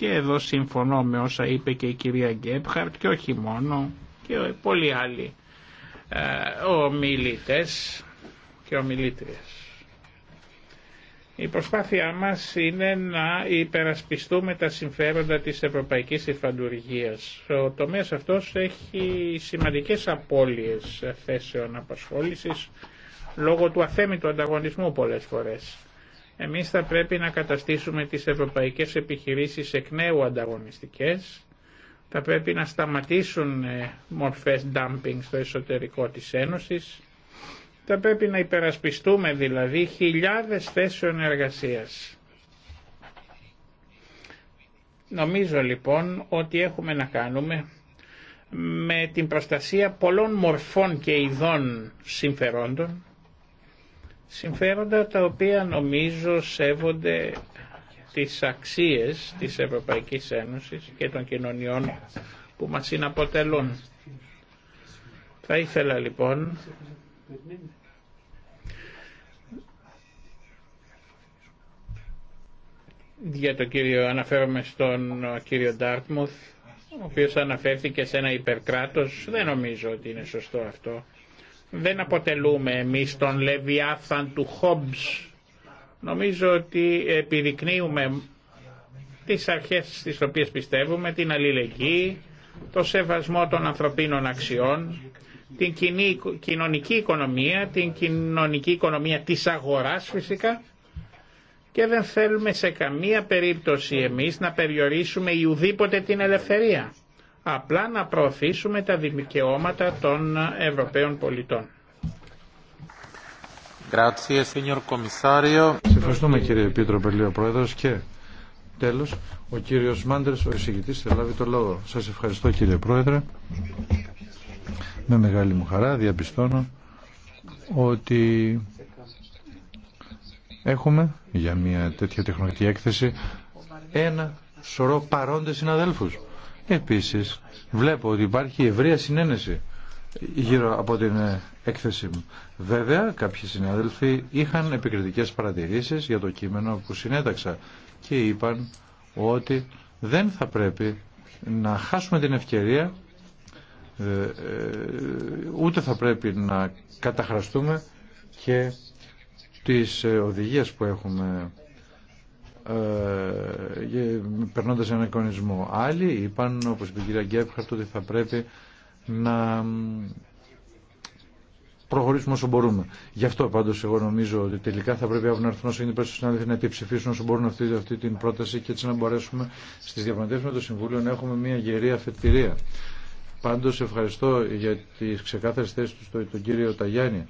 και εδώ συμφωνώ με όσα είπε και η κυρία Γκέπχαρτ και όχι μόνο και πολλοί άλλοι ε, ομιλητές και ομιλήτριες. Η προσπάθειά μας είναι να υπερασπιστούμε τα συμφέροντα της ευρωπαϊκής υφαντουργίας. Ο τομέας αυτός έχει σημαντικές απώλειες θέσεων απασχόλησης λόγω του αθέμητου ανταγωνισμού πολλές φορές. Εμείς θα πρέπει να καταστήσουμε τις ευρωπαϊκές επιχειρήσεις εκ νέου ανταγωνιστικές, θα πρέπει να σταματήσουν ε, μορφές dumping στο εσωτερικό της Ένωσης, θα πρέπει να υπερασπιστούμε δηλαδή χιλιάδες θέσεων εργασίας. Νομίζω λοιπόν ότι έχουμε να κάνουμε με την προστασία πολλών μορφών και ειδών συμφερόντων συμφέροντα τα οποία νομίζω σέβονται τις αξίες της Ευρωπαϊκής Ένωσης και των κοινωνιών που μας συναποτελούν. Θα ήθελα λοιπόν για το κύριο, αναφέρομαι στον κύριο Ντάρτμουθ, ο οποίος αναφέρθηκε σε ένα υπερκράτος, δεν νομίζω ότι είναι σωστό αυτό. Δεν αποτελούμε εμείς τον Λεβιάθαν του Χόμπς. Νομίζω ότι επιδεικνύουμε τις αρχές στις οποίες πιστεύουμε, την αλληλεγγύη, το σεβασμό των ανθρωπίνων αξιών, την κοινωνική οικονομία, την κοινωνική οικονομία της αγοράς φυσικά και δεν θέλουμε σε καμία περίπτωση εμείς να περιορίσουμε ουδήποτε την ελευθερία απλά να προωθήσουμε τα δικαιώματα των Ευρωπαίων πολιτών. Σε ευχαριστούμε κύριε Πίτρο Πελίο Πρόεδρος και τέλος ο κύριος Μάντρες ο εισηγητής, θα λάβει το λόγο. Σας ευχαριστώ κύριε Πρόεδρε. Με μεγάλη μου χαρά διαπιστώνω ότι έχουμε για μια τέτοια τεχνολογική έκθεση ένα σωρό παρόντες συναδέλφους Επίσης, βλέπω ότι υπάρχει ευρεία συνένεση γύρω από την ε, έκθεσή μου. Βέβαια, κάποιοι συνάδελφοι είχαν επικριτικές παρατηρήσεις για το κείμενο που συνέταξα και είπαν ότι δεν θα πρέπει να χάσουμε την ευκαιρία ε, ε, ούτε θα πρέπει να καταχραστούμε και τις οδηγίες που έχουμε ε, ε, περνώντας έναν εικονισμό. Άλλοι είπαν, όπως είπε η κυρία Γκέφχαρτ, ότι θα πρέπει να προχωρήσουμε όσο μπορούμε. Γι' αυτό πάντω εγώ νομίζω ότι τελικά θα πρέπει να έρθουν όσο είναι περισσότεροι συνάδελφοι να επιψηφίσουν όσο μπορούν αυτή, αυτή την πρόταση και έτσι να μπορέσουμε στι διαπραγματεύσει με το Συμβούλιο να έχουμε μια γερή αφετηρία. Πάντω ευχαριστώ για τι ξεκάθαρε θέσει του τον κύριο Ταγιάννη.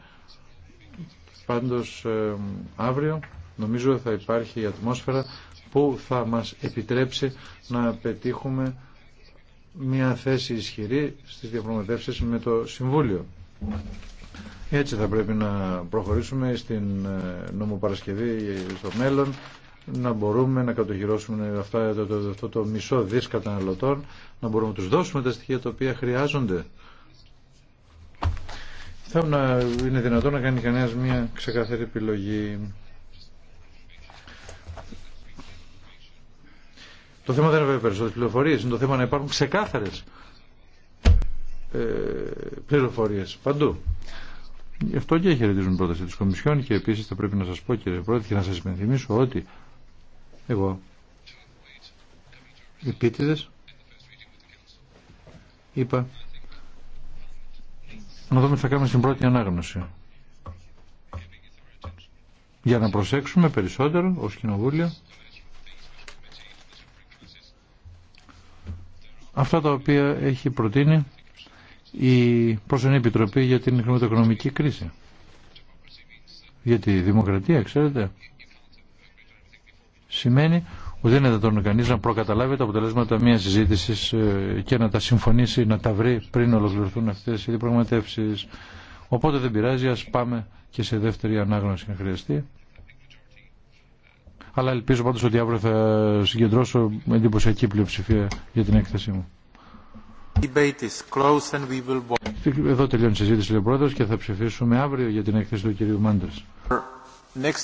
Πάντω ε, αύριο νομίζω θα υπάρχει η ατμόσφαιρα που θα μας επιτρέψει να πετύχουμε μια θέση ισχυρή στις διαπραγματεύσεις με το Συμβούλιο. Έτσι θα πρέπει να προχωρήσουμε στην ε, νομοπαρασκευή στο μέλλον, να μπορούμε να κατοχυρώσουμε αυτά, το, αυτό το μισό δις καταναλωτών, να μπορούμε να τους δώσουμε τα στοιχεία τα οποία χρειάζονται. Θα να είναι δυνατόν να κάνει κανένας μια ξεκαθαρή επιλογή. Το θέμα δεν είναι περισσότερε πληροφορίε, είναι το θέμα να υπάρχουν ξεκάθαρε ε, πληροφορίε παντού. Γι' αυτό και χαιρετίζουν πρόταση τη Κομισιόν και επίση θα πρέπει να σα πω, κύριε Πρόεδρε, και να σα υπενθυμίσω ότι εγώ επίτηδε είπα να δούμε τι θα κάνουμε στην πρώτη ανάγνωση. Για να προσέξουμε περισσότερο ως κοινοβούλιο αυτά τα οποία έχει προτείνει η Προσωνή Επιτροπή για την χρηματοοικονομική κρίση. Γιατί η δημοκρατία, ξέρετε, σημαίνει ότι δεν είναι δυνατόν κανεί να προκαταλάβει τα αποτελέσματα μια συζήτηση ε, και να τα συμφωνήσει, να τα βρει πριν ολοκληρωθούν αυτέ οι διαπραγματεύσει. Οπότε δεν πειράζει, α πάμε και σε δεύτερη ανάγνωση να χρειαστεί αλλά ελπίζω πάντως ότι αύριο θα συγκεντρώσω εντυπωσιακή πλειοψηφία για την έκθεσή μου. Εδώ τελειώνει η συζήτηση, λέει ο Πρόεδρος, και θα ψηφίσουμε αύριο για την έκθεση του κυρίου Μάντρας.